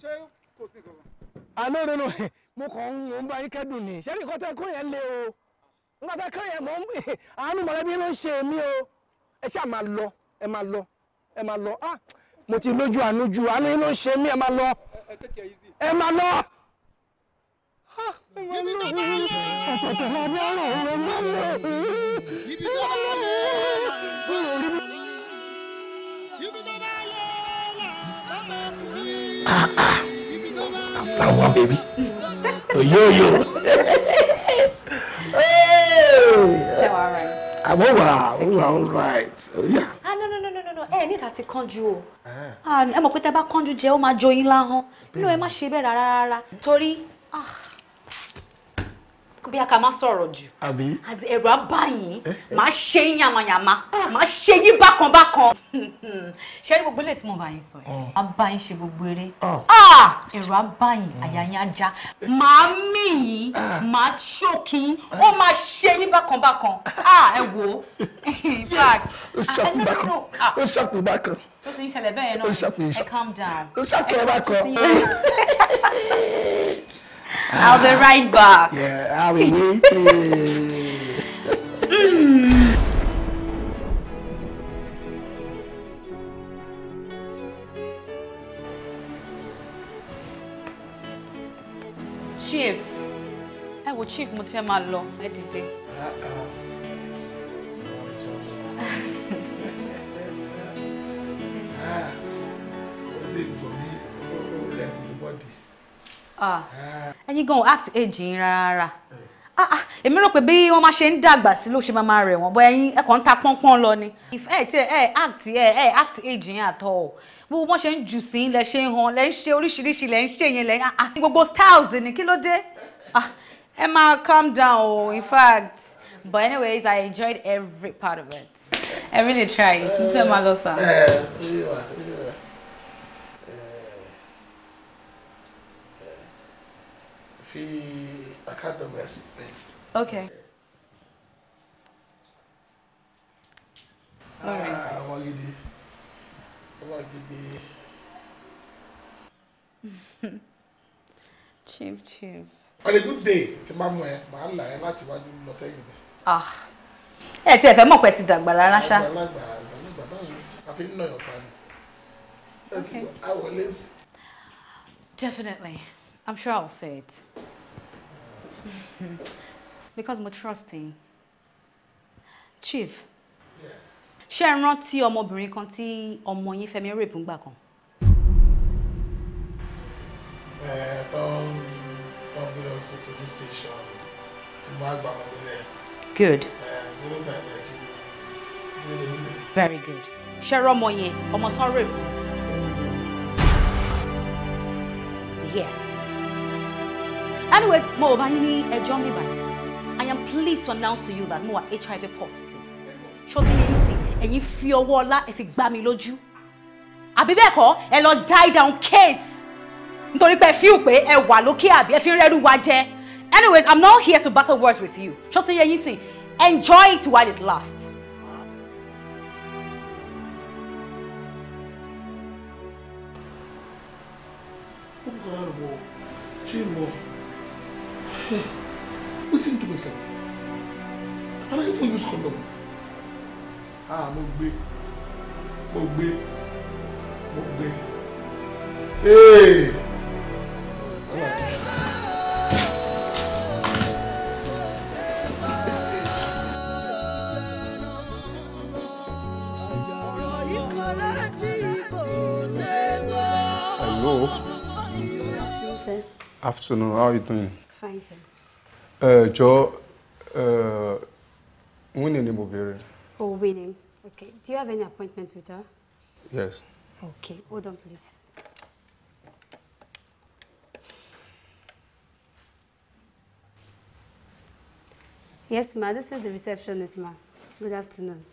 ṣé kò sí kankan. àná ìrònú mo kàn ń bá yín kẹ́dùn ni ṣé nǹkan tẹ́ kó yẹn lé o nígbà tá kàn yẹn mọ̀ ń àánú mọ̀lẹ́bí ló ń ṣe mí o ẹ ṣáà máa lọ ẹ máa lọ ẹ máa lọ ah mo ti lójú àánú ju àánú ló ń ṣe mí ẹ máa lọ ẹ máa lọ. Ah, tó bá lọ ọ̀pọ̀tọ̀ la bá rọ̀ ọ́ máa lọ. ibi tó bá lọ ibi tó bá lọ ọmọkùnrin. àfàwọn bèbí òye òye o. I'm wà right. àmọ́ wà all right. Yeah. ah no no no no no ẹ ní láti kánjú o ah. Ah, ẹ mọ̀ pé tẹ́ bá kánjú jẹ́ ó máa jó yín láhán inú ẹ má ṣe bẹ́ẹ̀ rárá rárá torí ah bí a kà ma sọ̀rọ̀ jù ẹ̀rọ abáyín máa ṣe yín yamayama máa ṣe yín bákan bákan ṣé ní gbogbo ilé tí mo bá yín sọ yìí abáyín oh. ṣe gbogbo eré oh. ah! ẹ̀rọ abáyín àyà yín ajá eh. máa mì yín ah. máa ṣókì yín eh. ó máa ṣe yín bákan ah, ẹ wò ó ó bákan ó sì ń ṣẹlẹ̀ bẹ́ẹ̀ náà ẹ calm down ó ṣàpè bákan. I'll be right back. Yeah, I'll be waiting. Chief, I will Chief mo ti fẹ́ máa lọ, ẹ ẹ̀yin gan-an act age yín rárá èmi rò pé bí wọ́n máa ṣe ń dàgbà sí ló ṣe máa máa rẹ̀ wọ́n bọ́ ẹ̀yin ẹ kàn ń ta pọ́npọ́n lọ ni ẹ ti ẹ act ẹ ẹ act age yín àtọ̀ o gbogbo bọ́n ṣe ń jù sí lẹ ṣe ń hàn lẹ ń ṣe oríṣiríṣi lẹ ń ṣe yẹn lẹ ń gbogbo styles ni kí ló dé ẹ máa calm down o in fact but anyways I enjoyed every part of it I really tried n tún ẹ máa lọ sàn. fi account number sí bẹ́ẹ̀. okay. Ah, àwọn gidi àwọn gidi. chief chief. on a good day tí máa mú ẹ máa ń là ẹ láti wájú lọ sẹ́yìn ni. Ah. ẹ tiẹ̀ fẹ́ mọ̀ pé ti dàgbà rárá ṣá. àgbàlagbà àgbàlagbà báyìí àfi nínú ọ̀yọ̀ pa ni. ẹ ti wọlé sí. Definitely. I'm sure I'll say it. because mo trust him chief ṣé ẹ rántí ọmọbìnrin kan tí ọmọ yín Fẹ́mi rape ń gbà kan. ẹ tó tó gbé lọ sí police station tí mo á gbà wọn lólè. good. ẹ very good ṣé ẹ rọ ọmọ yẹn ọmọ tó rape. yes anyways mo ò bá yín i am pleased to announce to you that Moa hiv positive ṣó ti yẹn sí ẹ̀yin fi ọwọ́ ọlá ẹ̀ fi gbá mi lójú àbí bẹ́ẹ̀ kọ́ ẹ lọ die down case nítorí pé ẹ feel pé ẹ wà lókè àbí ẹ fi ń rẹ́rù wa anyways i'm not here to battle words with you ṣó ti yẹn enjoy it while it lasts. Chimo. Hey, wetin do me sef? I no even use condom. Ah, mo gbé, mo gbé, mo Hello. Afternoon, how are you doing? Fine, ẹ jọ Winnie ni Oh, Winnie. Okay. Do you have any appointment with her? Yes. Okay. Hold on, please. Yes, ma'am. This is the receptionist, ma'am. Good afternoon.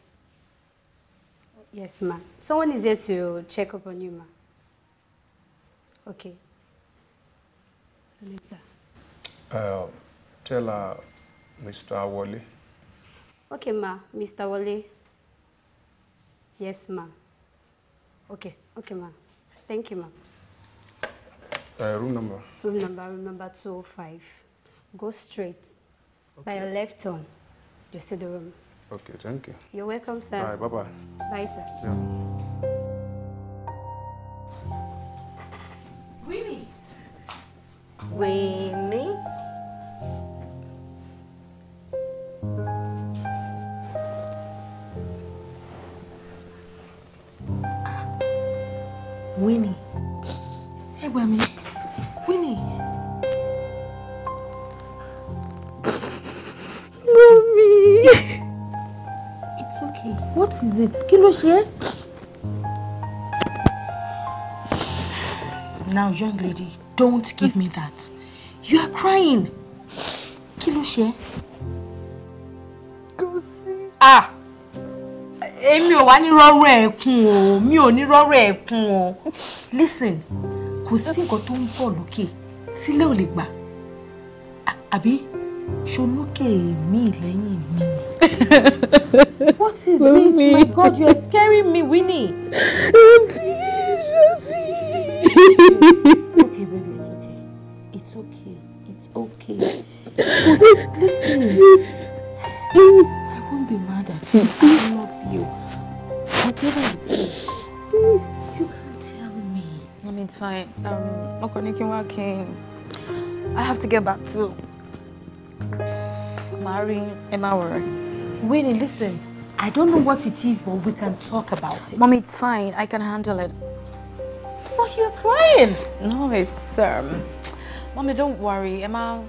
Yes, ma'am. Someone is here to check up on you, ma'am. Okay. What's the name, sir? Uh, tell her Mr. Wale. Okay, ma. Mr. Wale. Yes, ma. Okay, okay, ma. Thank you, ma. Uh, room number? Room number, room number two oh five. Go straight. Okay. By your left turn, you see the room. Okay, thank you. You're welcome, sir. Bye, bye-bye. Bye, sir. Yeah. Really? Wait. is it kí ló ṣe é. now young lady don't give me that you are crying kí ló ṣe é. kò sí. ah èmi ò wá ní rọ́rọ́ ẹ̀kún o mi ò ní ẹ̀kún o listen kò sí nǹkan tó ń bọ̀ lókè sílé ò lè gbà àbí ṣonúkè mí lẹ́yìn mi. What is Mommy. it? My God, you're scaring me, Winnie. okay, baby, it's okay. It's okay. It's okay. But listen, I won't be mad at you. I love you. Whatever it is, you can't tell me. I mean, it's fine. Um, Okonikinwa working. I have to get back to marrying Emma Warren. Winnie, listen. I don't know what it is, but we can talk about it. Mommy, it's fine. I can handle it. Oh, you're crying. No, it's um. Mommy, don't worry, Emma.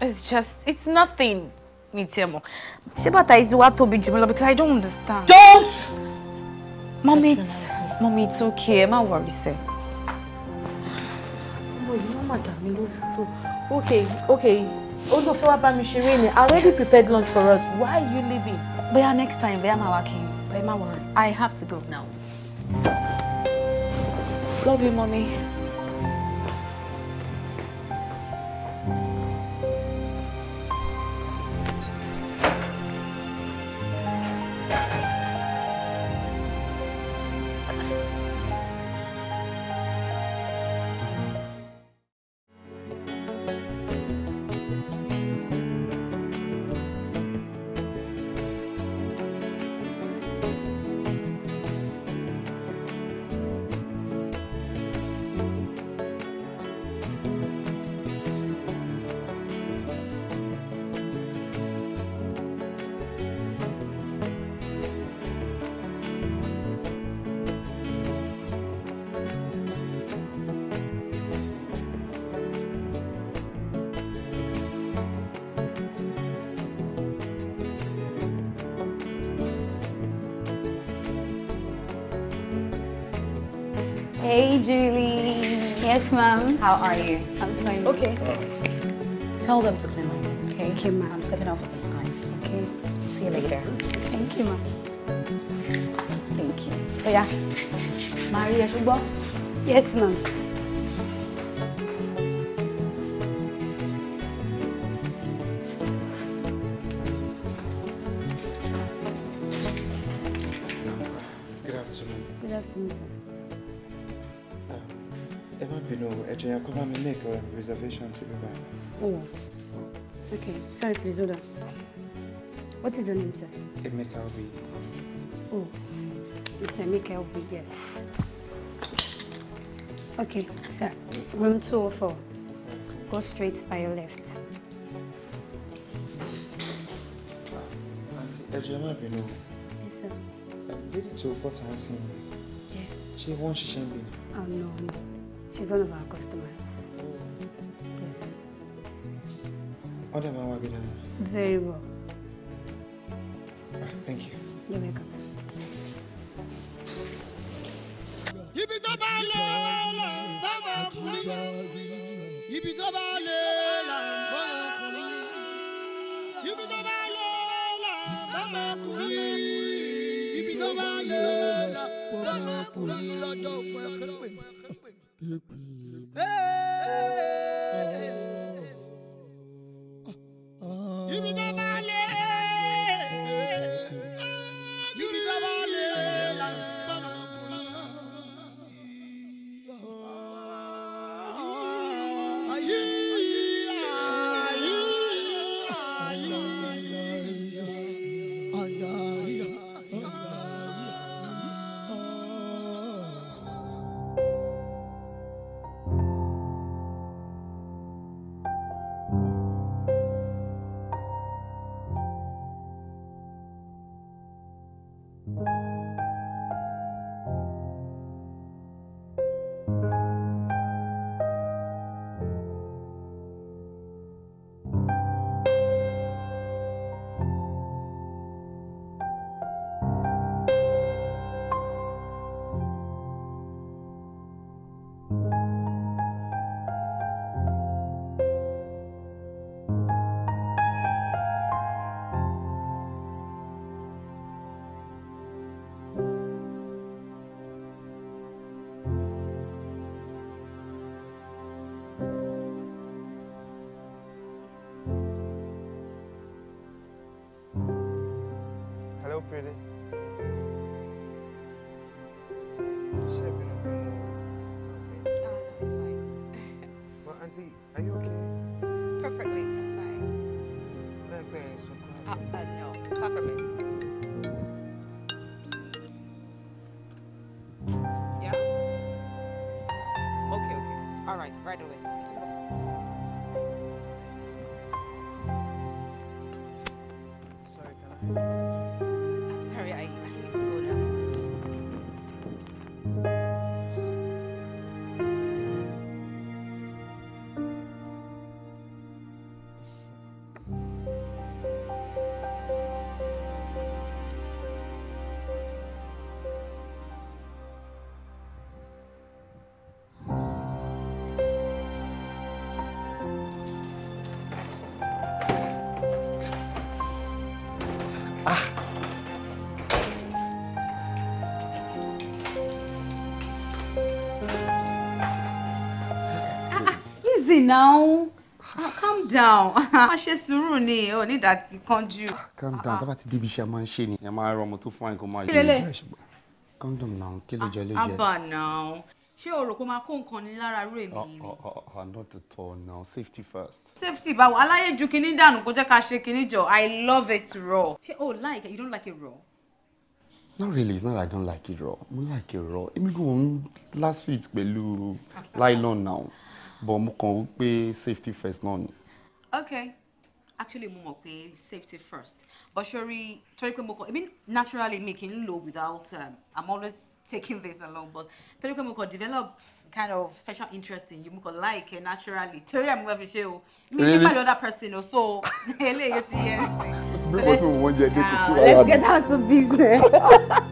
It's just, it's nothing. Me tell Shibata is what to be Jumila because I don't understand. Don't. Mommy, it's, mommy, it's okay. Emma worries. Okay, okay ó ló ni I already prepared lunch for us why are you leaving. bóyá next time bóyá màá wá kí n bẹ́ẹ̀ má wọ̀rọ̀ I have to go now. love you mommy. Julie. Yes, ma'am. How are you? I'm fine. Okay. Oh. Tell them to clean my okay? Okay, ma'am. I'm stepping out for some time. Okay. See you later. Thank you, ma'am. Thank you. Oh, yeah. Maria, Yes, ma'am. Okay, sorry, please hold on. What is your name, sir? Emeka Obi. Oh, Mr. Emeka Obi, yes. Okay, sir. Room 204. Go straight by your left. Ẹ jẹ́ má bínú. Yes, sir. Lady tó bọ́ tàn sí mi. Ṣé She ṣiṣẹ́ ń bí? Oh, no, no. She's one of our customers. Oh. Ó dẹ̀ máa wá bí dáadáa. Very well. thank you. You're welcome, sir. living right away. now. Ah, calm down má ṣe sùúrù ni ò ní ìdá ti kánjú. calm down tábà ti débi iṣẹ́ máa ń ṣe ni ẹ máa rọ ọmọ tó fún àyìnkò máa yọ ní ìṣẹ́ calm down now kí ló jẹ ló ah, jẹ. abba now ṣé o rò pé máa kó nǹkan ní lára rẹ mi. Oh, oh, oh, not at all now safety first. safety báwo aláyé ju kinní dànù kó jẹ́ ká ṣe kinní jọ i love it raw. ṣé o like it you don't like it raw. not really it's not that i don't like it raw mo like it raw emi go on last week pẹ̀lú nylon now but mo kàn wí safety first náà ni. okay actually mo mọ̀ pé safety first but sori torí pé mo kàn I mean naturally mi kì í without um, i'm always taking this along but torí pé mo kàn develop kind of special interest in you mo kàn like eh, naturally torí àmì wẹ́n fi ṣe o mi ṣe pàdé other person o so eléyìí ti yẹ bí wọ́n ti wọ́n jẹ dé kò sí ah, wàhálà let's get down to business.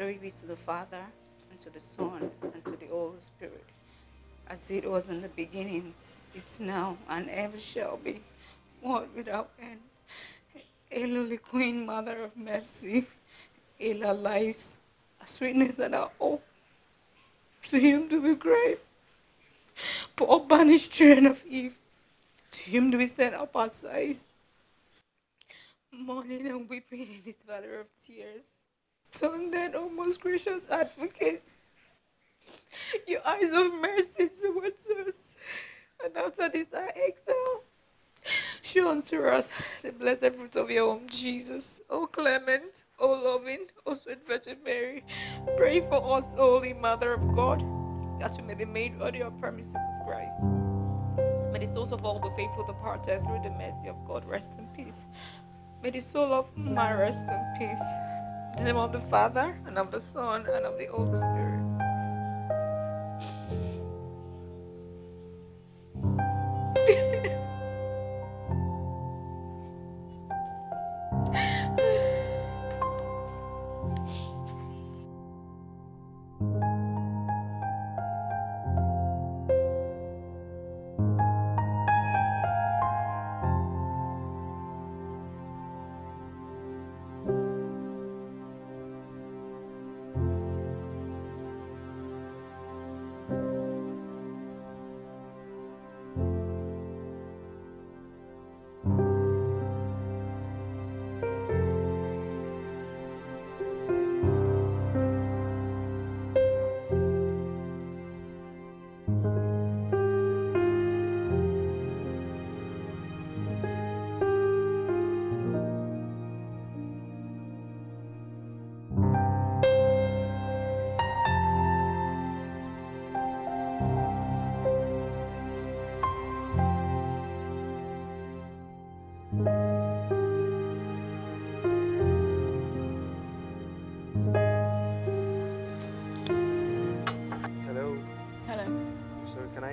Glory be to the Father, and to the Son, and to the Holy Spirit, as it was in the beginning, it's now, and ever shall be, world without end. Hail, Holy Queen, Mother of Mercy, hail our lives, our sweetness, and our hope. To him do we crave, poor banished children of Eve. To him do we send up our sighs, mourning and weeping in this valley of tears. Turn then, O oh, most gracious advocate, your eyes of mercy towards us, and after this our exile, show unto us the blessed fruit of your womb, Jesus. O clement, O loving, O sweet Virgin Mary, pray for us, Holy Mother of God, that we may be made worthy of promises of Christ. May the souls of all the faithful departed through the mercy of God rest in peace. May the soul of my rest in peace. In the name of the Father, and of the Son, and of the Holy Spirit.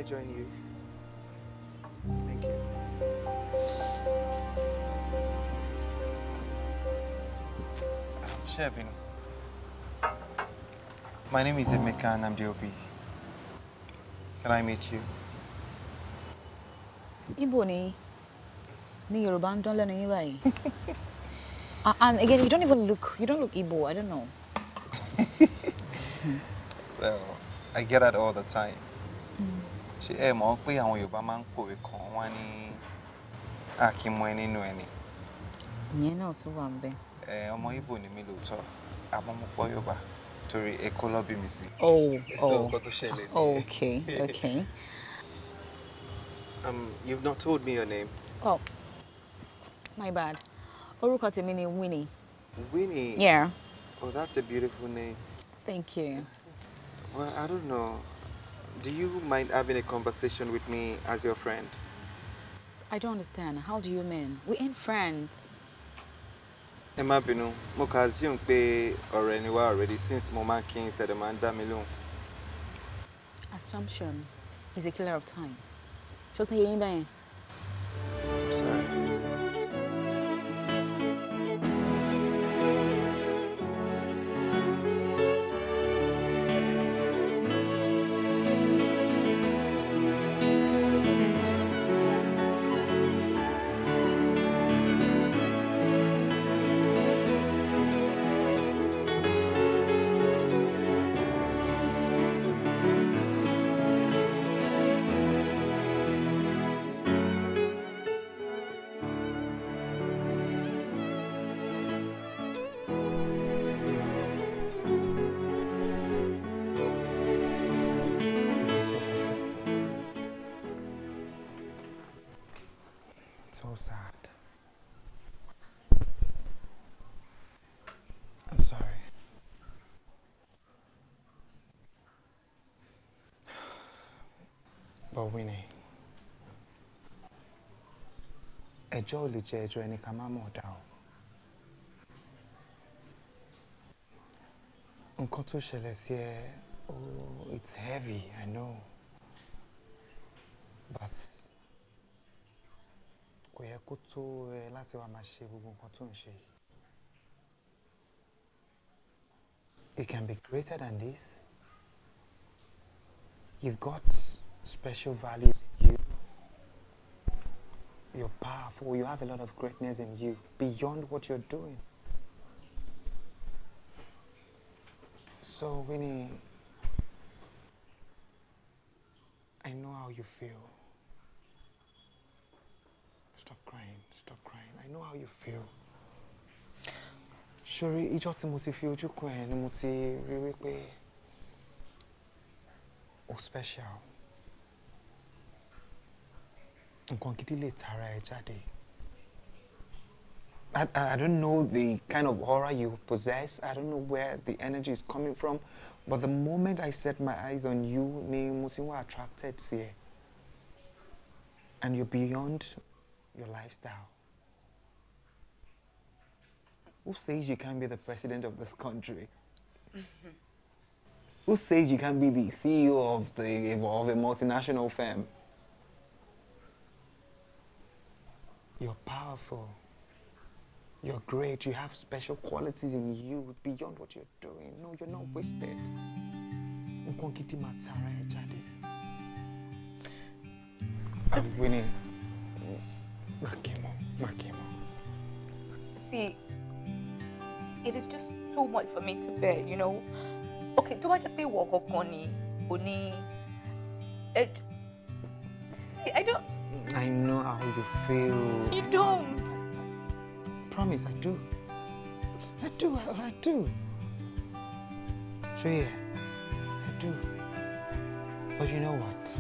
join you. Thank you. Chef, you my name is Emeka and I'm DOP. Can I meet you? Ibo ni Yoruba ń dán lẹ́nu And again, you don't even look, you don't look Ibo, I don't know. well, I get that all the time. ṣe ẹ mọ̀ pé àwọn Yorùbá máa ń pòwe kan wọ́n ní àkímọ ẹ nínú ẹni. ìyẹn náà tún wà ń bẹ. ẹ ọmọ Ìgbò ni mí lóòótọ́ àmọ́ mo pọ̀ Yorùbá torí Èkó ló bí mi sí. oh oh oh okay okay. um, you've not told me your name. oh my bad orúkọ tèmi ni Winnie. Winnie. yeah. oh that's a beautiful name. thank you. well I don't know. Do you mind having a conversation with me as your friend? I don't understand. How do you mean? We ain't friends. Ẹ binu, mo kà assume pé ọ̀rẹ́ ni wá already since mo máa ń kí n tẹ̀lé máa mi lóhùn. Assumption is a killer of time. Ṣé o tún yẹ bẹ́yẹn? Sorry. ẹjọ́ ò lè jẹ́ ẹjọ́ ẹni ká má mọ̀ dá o. nǹkan tó ṣẹlẹ̀ sí ẹ oh it's heavy I know but kò yẹ kó tó ẹ láti wá máa ṣe gbogbo nǹkan tó ń ṣe It can be greater than this. You've got special values You're powerful. You have a lot of greatness in you beyond what you're doing. So, Winnie, I know how you feel. Stop crying. Stop crying. I know how you feel. Ṣorí it just mo ti you're special nǹkan gidi lè tara ẹ jáde. I, I don't know the kind of aura you possess. I don't know where the energy is coming from. But the moment I set my eyes on you, ni mo ti wá attracted sí ẹ. And you're beyond your lifestyle. Who says you can't be the president of this country? Mm-hmm. Who says you can't be the CEO of, the, of a multinational firm? You're powerful. You're great. You have special qualities in you beyond what you're doing. No, you're not wasted. Nǹkan gidi máa I'm winning. Makimo, Makimo. See, it is just too much for me to bear, you know. Okay, do I just pay work or money, money? It. See, I don't. I know how you feel. You don't. promise, I do. I do, I, I do. So yeah, I do. But you know what?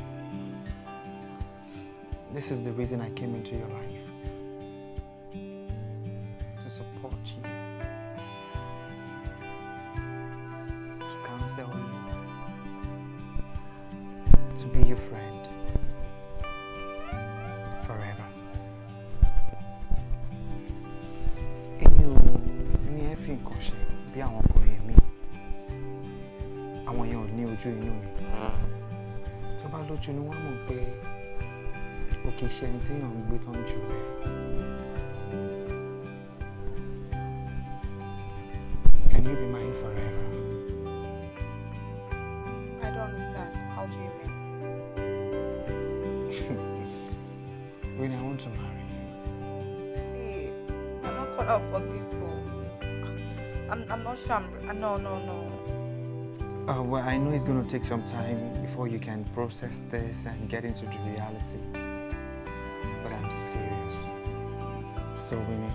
This is the reason I came into your life. lójú inú mi tó bá lójú inú mọ̀ pé o kì í ṣe ẹni téèyàn ń gbé tán jù rẹ. Can you be mine forever? I don't understand. How do you mean? When I want to marry you. See, I'm not cut out for this I'm, I'm not sure. i no, no, no. Oh, well, I know it's going to take some time before you can process this and get into the reality. But I'm serious. So, Winnie,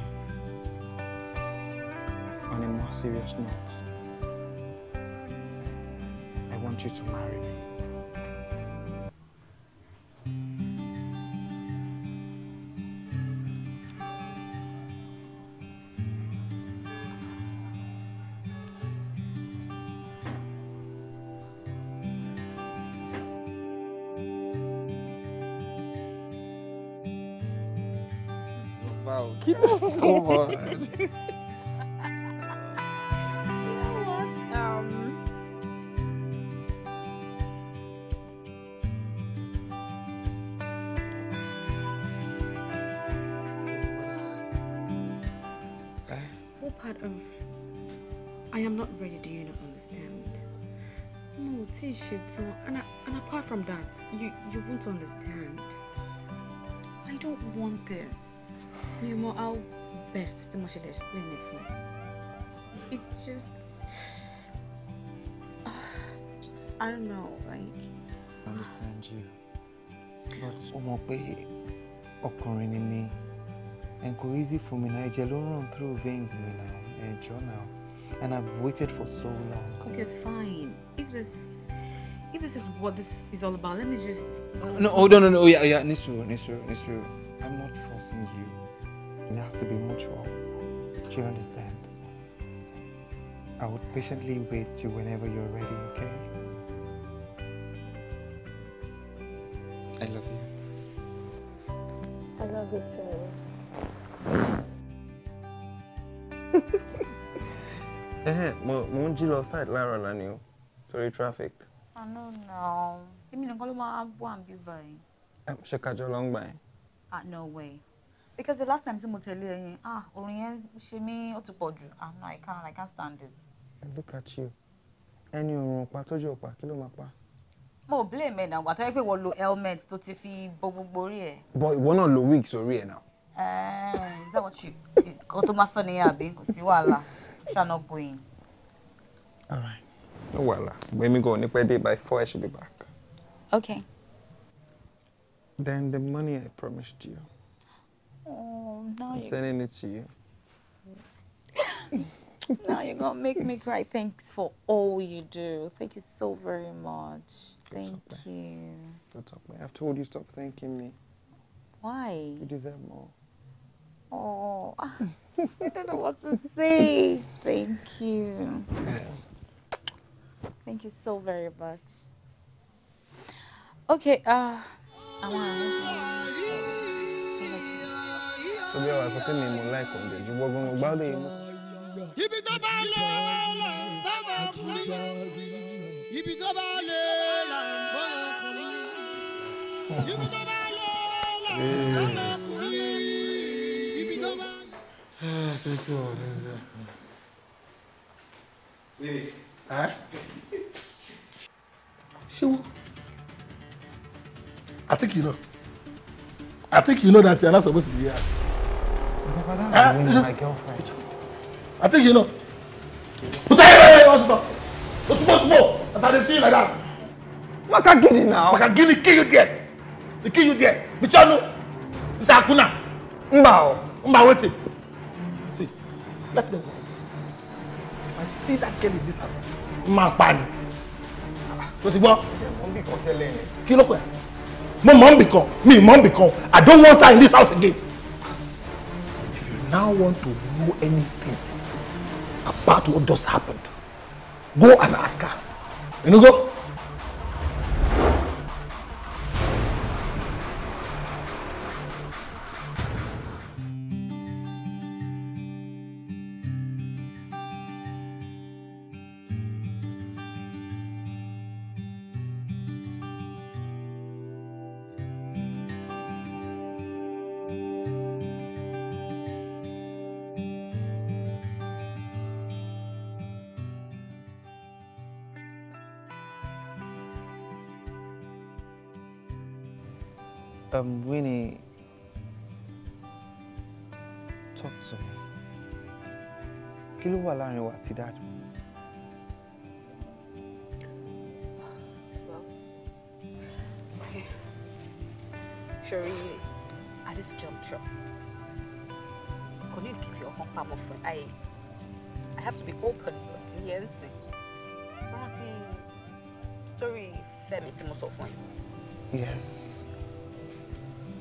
on a more serious note, I want you to marry me. you know, and, and apart from that, you, you won't understand. I don't want this. You know how best the should explain it for. It's just... Uh, I don't know, like... I understand you. But Omope, mọ̀ pé ọkùnrin And kò easy for me now. Ẹ̀jẹ̀ run through veins me now. Ẹ̀jọ̀ now. And I've waited for so long. Okay, fine. If there's if this is what this is all about, let me just. Um, no, hold oh, on, no, no, oh, yeah, yeah, Nisru, Nisru, Nisru. I'm not forcing you. It has to be mutual. Do you understand? I would patiently wait till whenever you're ready, okay? I love you. I love you too. Eh, mo mo jí side lára lánìí Sorry, traffic. ṣàánú náà èmi nìkan ló máa bọ́ àǹbí báyìí. ṣé kájọ ló ń gbà yín. ah no way because the last time tí mo tẹ̀lé ẹ ah orin yẹn ṣe mí ó ti pọ̀ jù ah no i can't i can't stand it. look at you Any òrùn pa tójú ọ̀pá kí ló máa pa. mo ò blame ẹ̀ náà wà tó yẹ pé wọ́n lo helmet tó ti fi bo gbogbo orí ẹ̀. but ìwọ náà lo wig sórí ẹ̀ eh, is that what you kó tó máa sọ nìyẹn àbí kò sí wàhálà ṣáà all right. no well, Let me go. ò ní pẹ́ by four I should be back. okay. then the money I promised you. Oh, now I'm sending it to you. now you're gonna make me cry. Thanks for all you do. Thank you so very much. Thank okay. you. That's okay. I've told you stop thanking me. Why? You deserve more. Oh, I don't know what to say. Thank you. Thank you so very much. Okay, uh, àwọn àwọn ọmọ wa kọ́tẹ́ mi mọ̀ láì kọ̀ǹdẹ̀ ju gbọ́gbọ́n mo gbádùn yìí. ibi tó bá lè lọ bá máa kú ní ibi tó bá lè lọ bá máa ibi tó bá lè lọ bá máa ibi tó bá. ẹ ṣe kí ọ̀rẹ́ ṣé wọ́n I think you know. I think you know that you're not supposed to be here. Never that uh, you, my girlfriend. I think you know. But hey, hey, hey, what's up? What's up, what's up? As I see you like that. Makagini now. Makagini kill you there. They kill you there. Michano. Mr. Akuna. Mbao. Mbao waiting. See, let them go. I see that girl in this house, máa pa ni tó ti gbọ́. kí ló pẹ́ mo mọ̀ ń bì kan mi mọ̀ ń bì kan I don't want her in this house again. if you now want to know anything about what just happened go and ask her. You know, go. um, Winnie, talk to me. Kí ló wà láàrin wa àti dad? Sorry, at this juncture, I couldn't give you a hot I, I have to be open to DNC. Rántí, story Fẹ́mi tí mo sọ fún ẹ. Yes.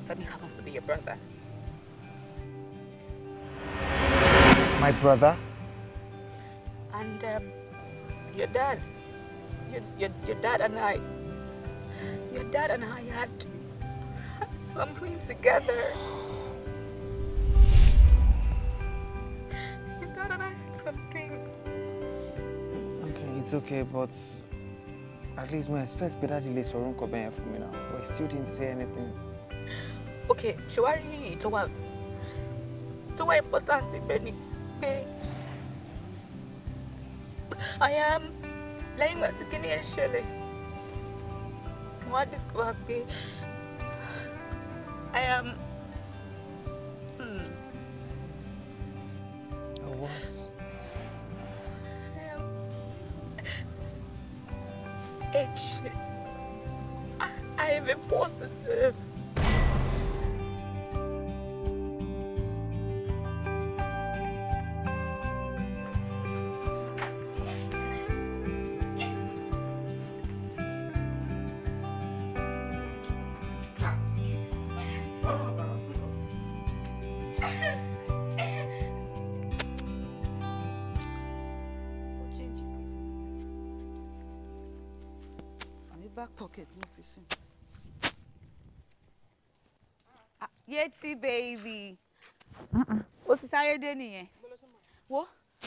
Suddenly, happens to be your brother. My brother? And um, your dad. Your, your, your dad and I. Your dad and I had something together. Your dad and I had something. Okay, it's okay, but at least my expect better delay so run for me now. But he still didn't say anything. okay ṣèwárí yìí tó wà tó wà important ibẹ̀ ni pé I am lẹ́yìn ìgbà tí kíní ẹ̀ ṣẹlẹ̀ wọ́n á discover pé I am. dé nìyẹn wo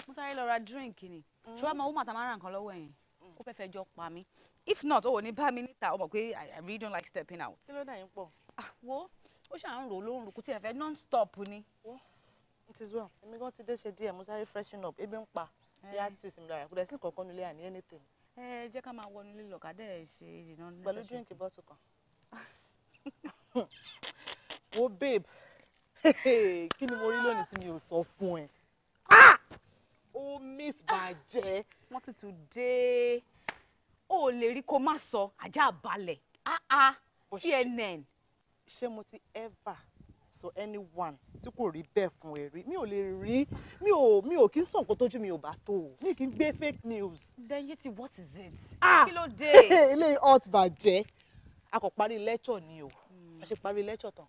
mo sáré lọ ra drink ni mm. ṣọwọ́ máa wó màtá máa ra nǹkan lọ́wọ́ yẹn ó fẹ́ fẹ́ jọ pa mí if not ó ò ní bá mi níta ó pé i really don't like stepping out. kí ló dà yín pọ̀. Ah, wo ó ṣàn ń rò ló rò kó tiẹ̀ fẹ́ non stop ni. it is well èmi gan ti dé ṣe díẹ̀ mo sáré freshen up ebi ń pa yá eh. tí ìsinmi lára kò dẹ̀ sí kankan nílé àní anything. ẹ eh, jẹ́ ká máa wọnú lílọ ká dẹ̀ ṣe ìdènà. pẹ̀lú drink bottle kan. wo babe kí ni mo rí lónìí tí mi ò sọ fún ẹ ah! ó miss bàjẹ́. Ah! wọ́n tuntun dé ó lè rí kó má sọ ajá balẹ̀ ah, cnn. ṣé mo ti ever sọ anyone tí kò rí bẹ́ẹ̀ fún ẹ rí mi ò lè rí mi ò mi ò kí n sọ nǹkan tójú mi ò bá tó o mi kì í gbé fake news. then yé what is it. kí ló dé. eléyìí hot bàjẹ́ a kò parí lecture ni o hmm. a ṣe parí lecture tán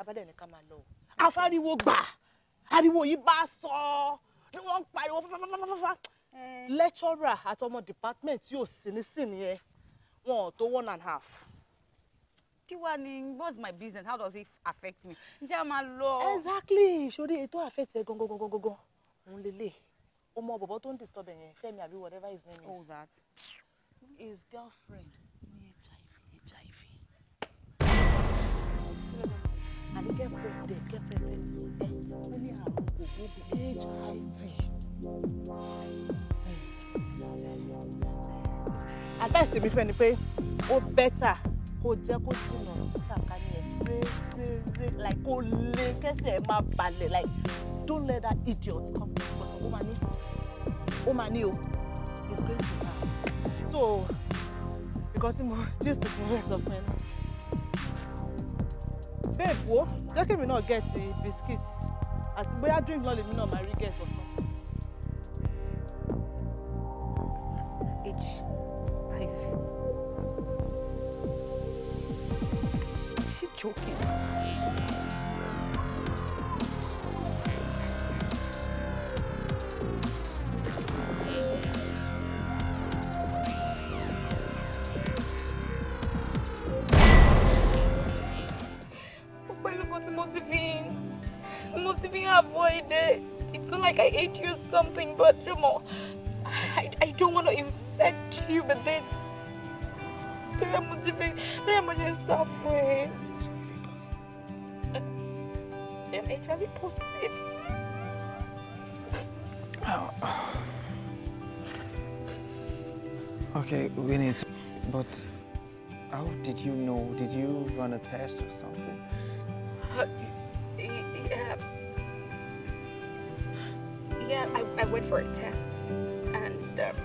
abádẹ́ni ká máa lọ o afáriwo gbà ariwo yìí bá sọ ni wọ́n ń pariwo fáfáfáfáfá lecturer àtọmọ department yóò sì ní sí nìyẹn wọn ò tó one and a half kí wàá ní what's my business how does it affect me ǹjẹ́ a máa lọ. exactly sori ètò àfẹ́tẹ̀ gangan gangan gangan òun lélẹ̀ ọmọ bọ̀bọ̀ tó ń disturb ẹ̀yẹn Fẹ́mi àbí whatever his name is. all that. his girlfriend àní girlfriend dẹ̀ girlfriend dẹ̀ ẹ̀ ó ní àrùn kògbóògùn HIV. advice tèmi fẹ́ ni pé ó bẹ́tà kó jẹ́ kó jìnnà sàkání like oh, lé kẹ́sẹ̀ ẹ̀ máa balẹ̀ like don't let that idiot come to you ó máa ní ó it's going to happen so because tí mo gist fún rẹ̀ sọ fún babe wo jẹ́ kí èmi náà get the biscuit àti bóyá drink náà lèmi náà máa rí get ọ̀sán. age five. Is she joking? day. It's not like I ate you or something, but Ramo, I, I don't want to infect you with this. Ramo, you're suffering. I'm HIV positive. Oh. Okay, we need to, but how did you know? Did you run a test or something? Uh, yeah, yeah, I, I went for a test and um,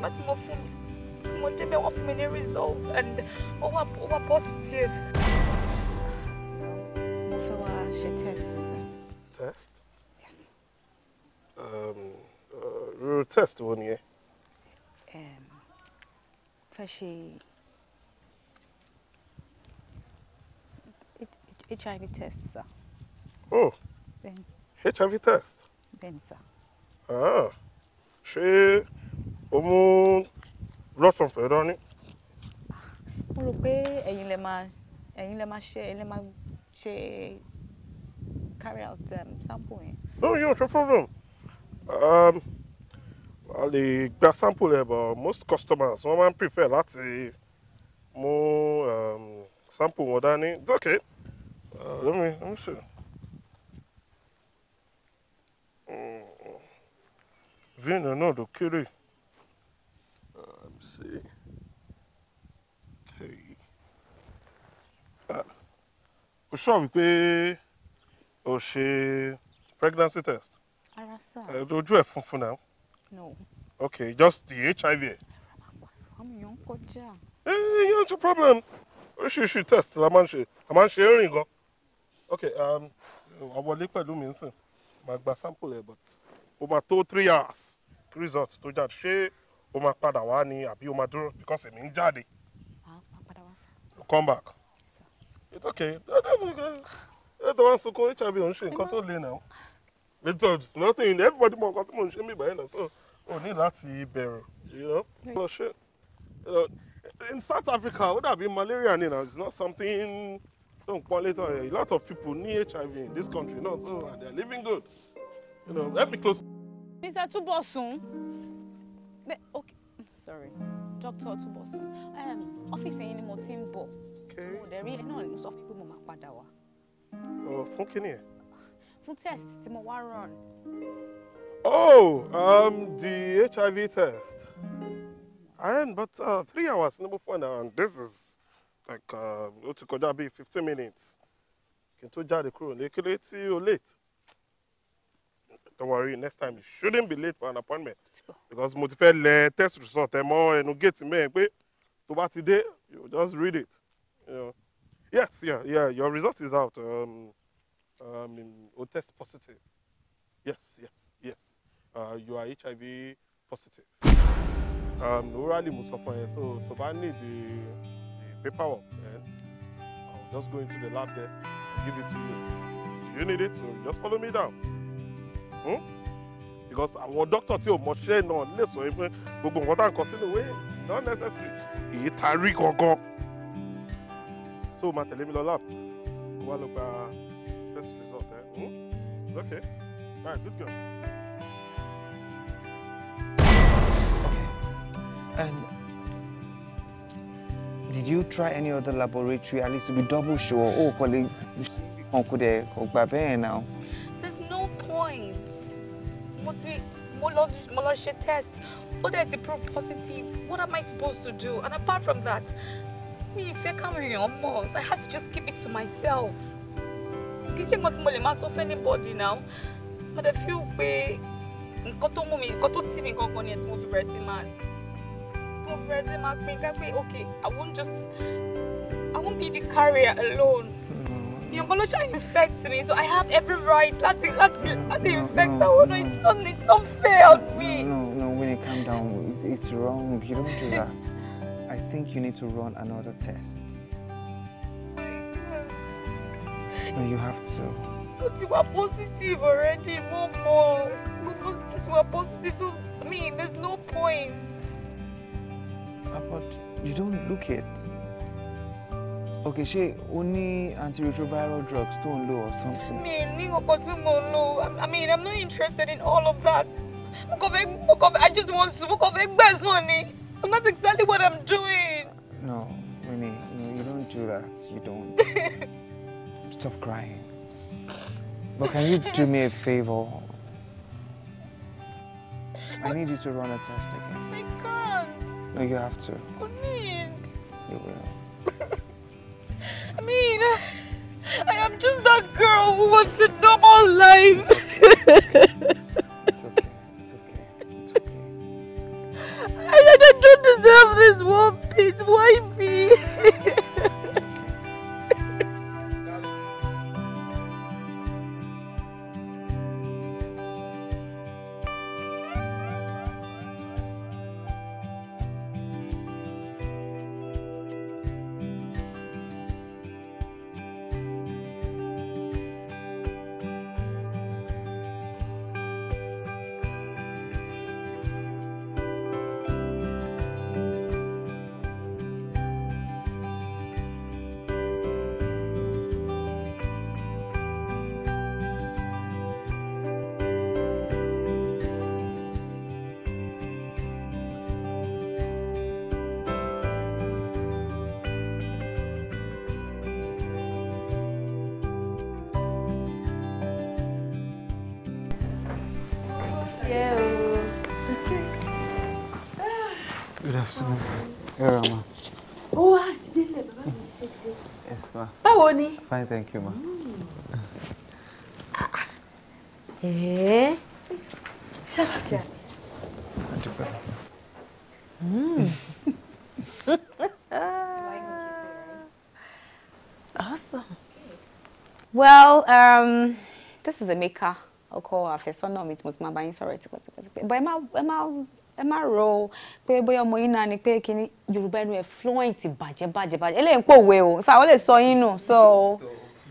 but more for me. One day, I offer me a result and over, over positive. Test. Test? Yes. Um, uh, test one year. Um, for Fashi. HIV test, sir. Oh. Then hiv test. bẹ́ẹ̀ni sá. Ah, ṣé o mú blood sample dání. mo rò pé ẹ̀yin lè máa ẹ̀yin lè máa ṣe lè máa ṣe carry out um, sample yẹn. no yóò ṣe problem. Um, a lè gba sample ẹ̀ but most customers wọ́n máa prefer láti mú um, sample wọn dání it's okay. Uh, let me let me see. Vínà náà ló um, see. C Ah, O sọ wípé o ṣe pregnancy test. Ara sá. Eh, ojú ẹ̀ funfun náà. No. Okay, just the HIV. Àwọn èèyàn ń kọjá. Ẹ yẹn ti problem. Oríṣiríṣi test la máa ń ṣe. A máa ń ṣe é rìn gan. Okay, wà um, wọlé pẹ̀lú mi ń sìn máa gba sample ẹ̀ but ó máa tó three hours kí result tó jáde ṣé ó máa padà wá ni àbí ó máa dúró because èmi ń jáde. come back yes, it's okay ẹ tó wá ń sunkún hiv ò ń ṣe nǹkan tó le náà it's nothing everybody mọ nǹkan tí mò ń ṣe mí báyìí náà so o ní láti bẹ̀rù you know in South Africa ó dàbí malaria ni na it's not something. A lot of people need HIV in this country, Not and they're living good. You know, let me close. Mr. Tubosun. Okay, sorry. Dr. Tubosun. Um, office in Motimbo. Okay. There is no ẹ náà ni mo sọ fún Oh, mo máa padà oh, test It's mo wá run. Oh, um, the HIV test. I am, but uh, three hours, number four now, and this is like uh, ó ti kọjá bíi fifteen minutes kí n tó jáde kúrò ní kílé tí o late don't worry next time you shouldn't be late for an appointment because mo ti fẹ́ lẹ test result ẹ mọ ẹnu gate mẹ́rin pé tó bá ti dé you just read it you know. yes yeah yeah your result is out um, um, o test positive yes yes yes uh, you are HIV positive um, orally mo sọ fún ẹ so tó bá need the paperwork, then eh? I'll just go into the lab there, and give it to you. Do you need it? So just follow me down. Hmm? Because our doctor tí o mọ no, náà lè sọ yìí pé gbogbo nǹkan tá à not necessary. Èyí ta or gangan. So o máa tẹ̀lé mi lọ lab. We'll look lọ test result there. Eh? Hmm? Okay. All right, good girl. Okay. And did you try any other laboratory at least to be double sure oh kọ́lé kò dẹ̀ kò gbà bẹ́ẹ̀ now. there's no point mo ti mo lọ mo lọ ṣe test ó dẹ̀ ti prove positive what am I supposed to do and apart from that mi ìfẹ́ káwọn èèyàn mọ̀ so I have to just keep it to myself kì í ṣe nǹkan tí mo lè máa sọ fún anybody now But dẹ̀ fi hù pé to tó mú mi nǹkan tó tì mí gangan ni ẹ̀ tí mo fi bẹ̀rẹ̀ sí máa kó bẹ̀rẹ̀ sí máa pín ká okay I won't just I won't be the carrier alone. You're Your biology infect me, so I have every right láti let's láti infect I one. No, it's not it's not fair on me. No, no, when it calm down, it's, it's wrong. You don't do that. I think you need to run another test. No, you have to. But you are positive already, Mom. But you are positive, so I mean, there's no point but you don't look it okay she only antiretroviral drugs tó ń lò or something. mi ní i mean i'm not interested in all of that i just want to mo kàn fẹ́ gbẹ̀sán and that's exactly what i'm doing. no Winnie no you don't do that you don't stop crying but can you do me a favor? I need you to run a test again. No, you have to. I mean. You will. I mean, I am just that girl who wants a normal life. it's okay. It's okay. It's okay. I, I don't deserve this one piece. Why me? ẹ rà mà. ó wá jíjẹ́ ilẹ̀ bàbá mi ti ṣe ṣe. báwo ni. fine thank you ma. Mm. Ah, eh? ṣàlàyé. Mm. awesome. Well, um, this is Emeka. Ọkọ àfẹ́sọ́nà mi tí mo ti máa bá my buying tipẹ́tipẹ́. But ẹ má ẹ má rò ó pé bóyá ọmọ yín náà ni pé kíní yorùbá ẹnu ẹ fluent bàjẹ́ bàjẹ́ bàjẹ́ eléyìí ń pòwe o ìfà ó lè sọ yín nù so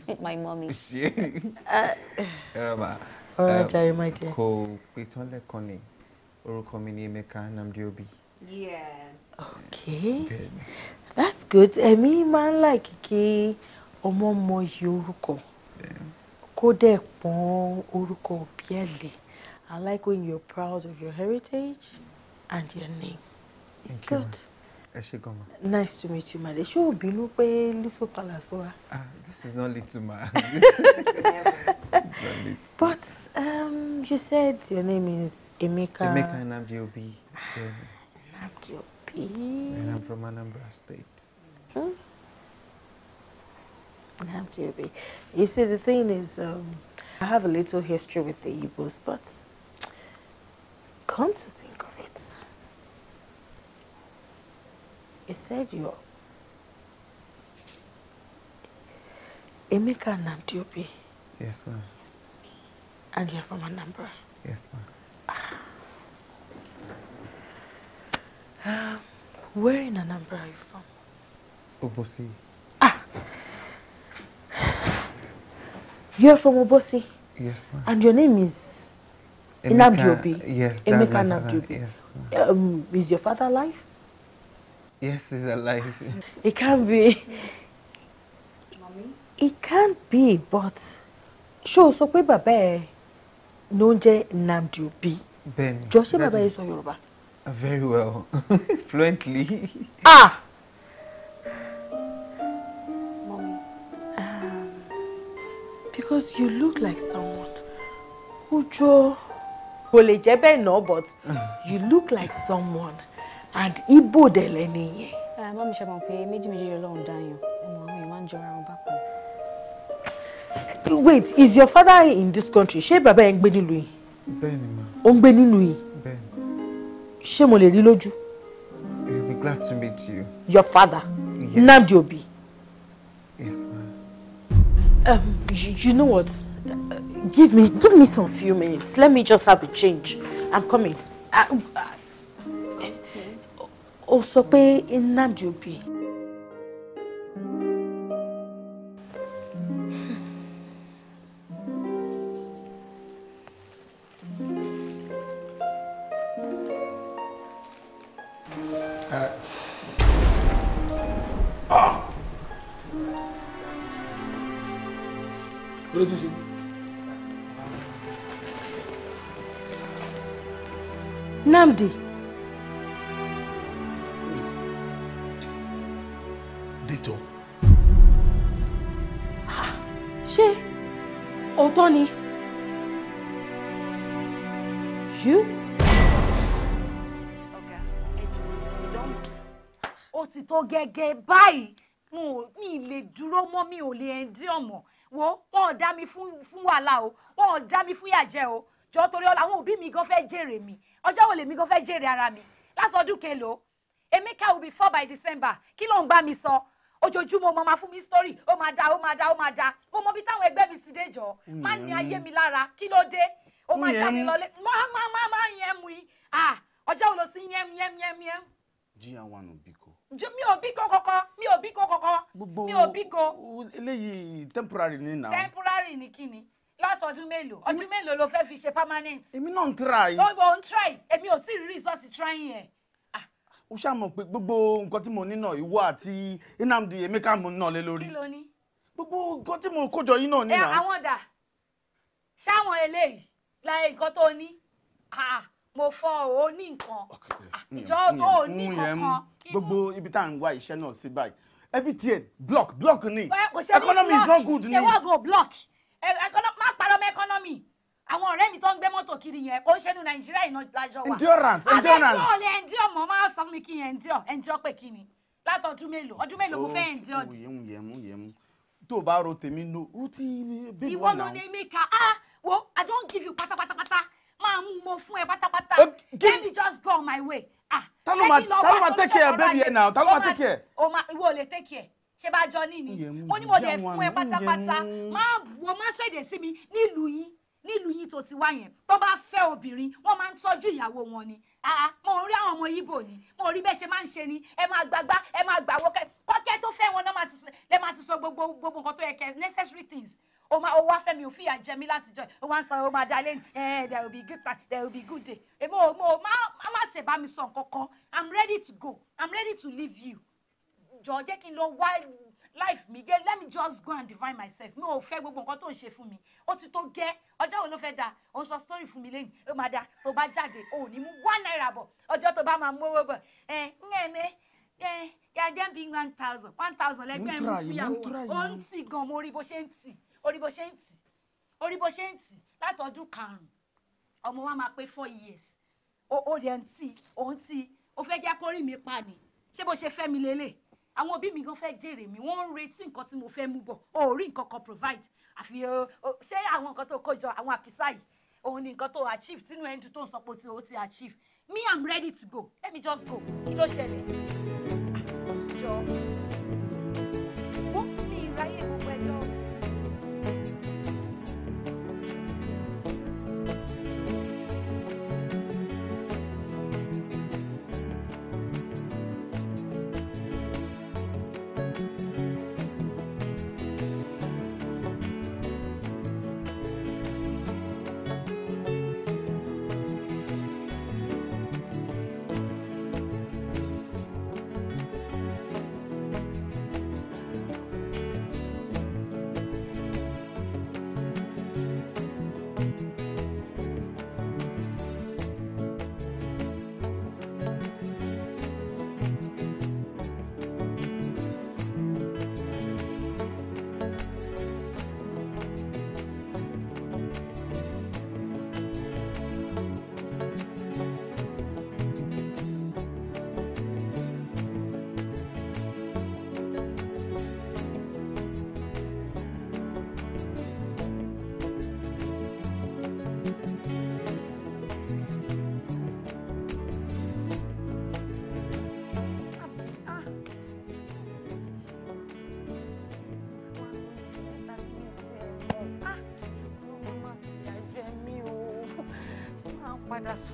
meet my mommy. ṣé ọ̀rọ̀ jàre my dear. kò pé tán lẹ́kàn ni orúkọ mi ni Emeka Nnamdi Obi. okay that's good èmi máa ń like kí ọmọ mọ iye orúkọ kó dẹ̀ pọ́n orúkọ òbí ẹ̀ I like when you're proud of your heritage and your name. It's Thank good. Ẹ ṣé gan Nice to meet you, ma. Ṣé o bínú pé Little Palace wa? Ah, this is not little, ma. But um, you said your name is Emeka. Emeka Nnamdi Obi. Ah, Nnamdi Obi. And I'm from Anambra State. Hmm? Nnamdi Obi. You see, the thing is, um, I have a little history with the Igbos, but come to He said you. Emeka Nandiobi. Yes, ma'am. And you're from Anambra. Yes, ma'am. Ah. Um, where in Anambra are you from? Obosi. Ah! You're from Obosi? Yes, ma'am. And your name is Emeka, Inabdiobi? Yes, Emeka Nabdiobi. Yes, um, is your father alive? Yes, he's alive. It can't be. Mommy? It can't be, but ṣé so sọ pé bàbá ẹ ló ń jẹ́ Nnamdi Obi? Bẹ́ẹ̀ni. Jọ ṣé bàbá yìí sọ Very well, fluently. Ah! Mommy, um, because you look like someone who jọ kò no. but you look like someone and ibo dẹ̀ lẹ́ni yẹn. má mi ṣe mọ̀ pé méjì méjì ọlọ́run dáyàn ọmọ àwọn èèyàn máa ń jọra wọn bákan. wait is your father in this country ṣé bàbá yẹn ń gbé nílùú yìí. bẹ́ẹ̀ni ma. ó ń gbé nílùú yìí. bẹ́ẹ̀ni. ṣé mo lè rí lójú. I will be glad to meet you. your father yes. Nnamdi Obi. yes ma. Um, you, you know what give me give me some few minutes let me just have a change I'm coming. I, uh, I, ó sọ pé Nnamdi Obi Nnamdi gẹ̀gẹ̀ báyìí mo ò mi lè dúró mọ́ mi ò lè ẹ̀ndí ọ̀mọ̀ wo wọn ò dá mi fún fún wàhálà o wọn ò dá mi fún yàjẹ́ o jọ torí ọ̀la àwọn òbí mi gan fẹ́ jèrè mi ọjọ́ wo lèmi gan fẹ́ jèrè ara mi lásọdún kelo Emeka will be four by December kí ló ń bá mi sọ ojoojúmọ́ ọmọ máa fún mi story ó máa da ó máa da ó máa da mo mọ bí táwọn ẹgbẹ́ mi sì dé jọ má ní ayé mi lára kí ló dé ó máa já mi lọlé má má má má yẹn mu yìí ah ọjọ́ wo lo sì yẹn yẹn yẹn yẹn. jí àwọn àna mi ò bí ko kọ́kọ́ mi ò bí ko kọ́kọ́ mi ò bí ko. eléyìí temporary ni na. temporary ni kí ni látọdún mélòó ọdún mélòó ló fẹ́ fi ṣe permanent. èmi náà ń try. ó ò ń try èmi ò sì rí resource trying yẹn ah. o ṣáà mọ̀ pé gbogbo nǹkan tí mo ní náà ìwọ àti Nnamdi Emeka mo ná lé lórí. kí ló ní. gbogbo nǹkan tí mo kójọ yìí náà ní eh, náà. ẹ àwọn dà ṣáwọn eléyìí la nǹkan tó ní ah mo fọ o ní nǹkan ah, ìjọ o ní kankan. gbogbo ibi tá à ń wá iṣẹ́ náà sí báyìí everything block block ni eh, economy is not good ni. ṣé wọ́n go block eh, má parọ́ mọ́ economy àwọn ọ̀rẹ́ mi tó ń gbé mọ́tò kiri yẹn kò ń ṣe ní nàìjíríà iná lájọ wa. endurance endurance. àbẹ̀tọ́ ni endure mọ́ máa sọ fún mi kí n endure endure pé kí ni látọ̀dún mélòó ọdún mélòó mo fẹ́ endure. ó yẹmu yẹmu yẹmu tó o bá ro tèmi lo o ti bẹ́ẹ̀ wà náà. ìwọ ló ní mi kà á ah, wo i don give you pátápátápátá máa mú mo fún ẹ pátápátá let me just go on my way. Ah, ta ló máa take care baby ẹ náà ta ló máa take care. o ma ìwọ ò take care ṣe bá jọ ní ni mo ní mo dẹ̀ fún ẹ pátápátá máa wo má ṣèdè sí mi nílùú yín nílùú yín tó ti wá yẹn tó bá fẹ́ obìnrin wọ́n máa ń tọ́jú ìyàwó wọn ni ah, ah, mo rí àwọn ọmọ Ìgbò ni mo rí bẹ́ẹ̀ ṣe máa ń ṣe ni ẹ máa gbàgbá ẹ máa gbàwọ́ kọ́kẹ́ tó fẹ́ wọn náà lè máa ti sọ gbogbo gbogbo nǹkan tó yẹ kẹ́ necessary things o ma o wá fẹ́ mi ò fìyà jẹ mi láti jọ o wá ń sọ o ma da lẹ́yìn ẹ eh, there will be good time there will be good day èmi e ò mo ma, ma, ṣe bá mi sọ nǹkan kan i'm ready to go i'm ready to leave you jọ jẹ́ kí n lọ wá life mi gẹ́ let me just go and divine myself mi ò fẹ́ gbogbo nǹkan tó ń ṣe fún mi ó ti tó gẹ́ ọjọ́ wo ló fẹ́ da ó ń sọ story fún mi lẹ́yìn ó máa da tó bá jáde ò ní mú one naira bọ̀ ọjọ́ tó bá máa mú owó bọ̀ ẹ̀ ń ẹ̀ ní ẹ̀ yà jẹ́ bí one thousand one thousand lẹ́gbẹ̀rún fúyàwó ó ń tì gan mo rí bó ṣe ń tì orí bó ṣe ń tì orí bó ṣe ń karùn-ún ọmọ wa máa pé four years ó rẹ̀ ń tì òun tì ó fẹ́ jẹ́ kórìí mi pa ni ṣé bó ṣe fẹ́ mi lélẹ̀ àwọn òbí mi gan fẹ́ jèrè mi wọ́n ń retí nǹkan tí mo fẹ́ mú bọ̀ ó rí nǹkan kan provide àfi ṣé àwọn nǹkan tó kó jọ àwọn àkísà yìí òun ni nǹkan tó achieve sínú ẹni tó ń sọ pé ó ti achieve me i'm ready to go let me just go kí ló ṣẹlẹ̀ àjọ. Ah,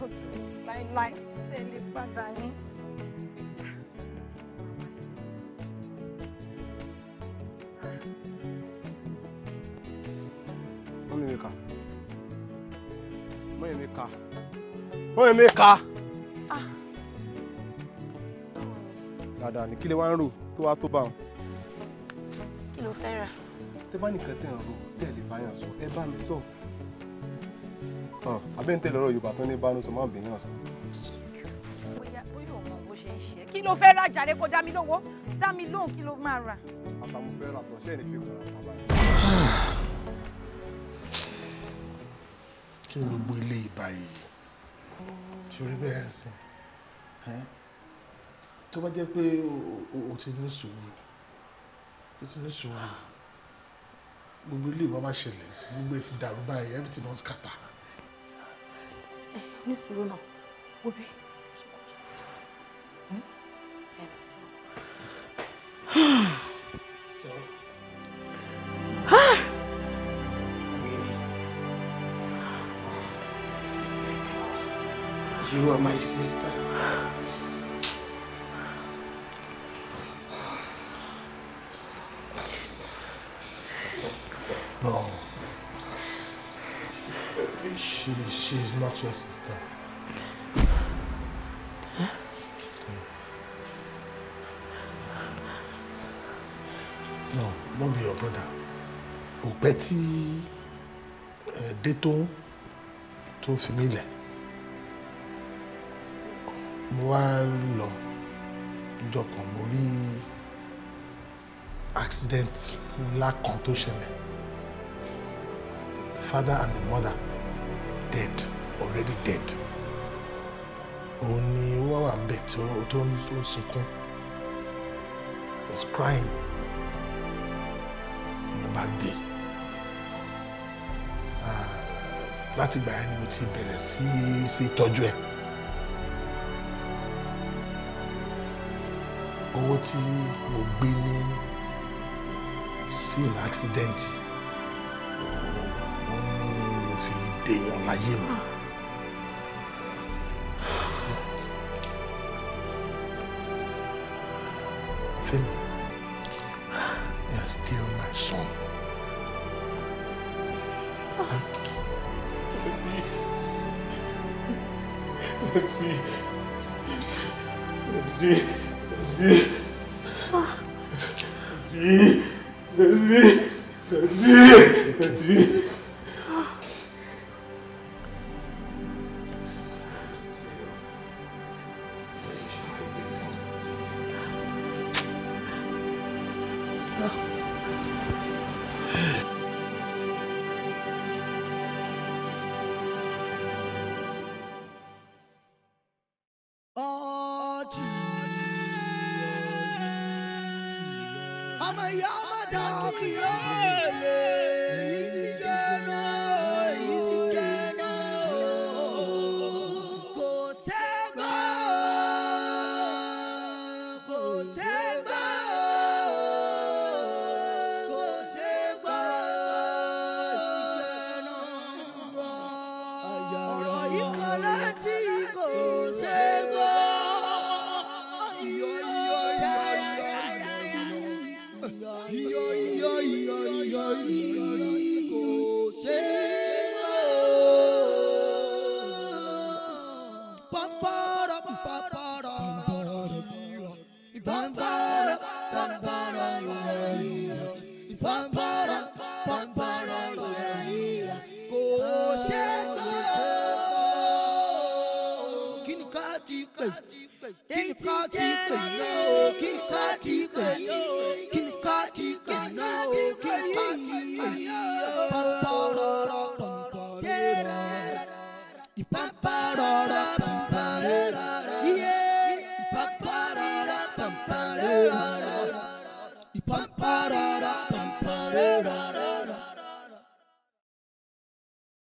kò tún láíláí ṣe lè padà ní. Mọ̀yẹ̀mẹ́ka. Mọ̀yẹ̀mẹ́ka. Mọ̀yẹ̀mẹ́ka. Ah. Dáadáa ni kí lè wá ń rò tó wá tó bá wọn. Kí ló fẹ́ rà? Tẹ́ nìkan tẹ̀ ń rò tẹ̀ lè bá yàn sọ, ẹ bá mi sọ. So abẹ́ ah, ń tẹ̀lé ọ̀rọ̀ yorùbá tó ní bánú sọ máa bìnrin ọ̀sán. bóyá bóyá òun bó ṣe ń ṣe kí ló fẹ́ rajà rẹ kó dá mi lówó dá mi lóhùn kí ló máa rà. àtàwọn fẹ́ rà tọ̀ ṣé ẹni fi kún un. kí ni gbogbo ilé ìbá yìí ṣorí bẹ́ẹ̀ sí tó bá jẹ́ pé o ti ní sùúrù o ti ní sùúrù gbogbo ilé ìbá bá ṣẹlẹ̀ sí gbogbo ti dàrú báyìí everything don scatter ní sùúrù náà òbí. Hmm? You are my sister. about your sister. Huh? Mm. No, not be your brother. Òpẹ́ tí dé tó ń tó ń fi mí lẹ̀. Mo accident ńlá kan tó father and the mother dead already dead òun ni ó wá wà ń bẹ̀ tí ó tó ń sunkún was crying mo bá gbé láti gbà yẹn ni mo ti bẹ̀rẹ̀ sí sí tọ́jú ẹ̀ owó tí mo gbé ní sin accident òun ni mo fi dèèyàn láyé mi.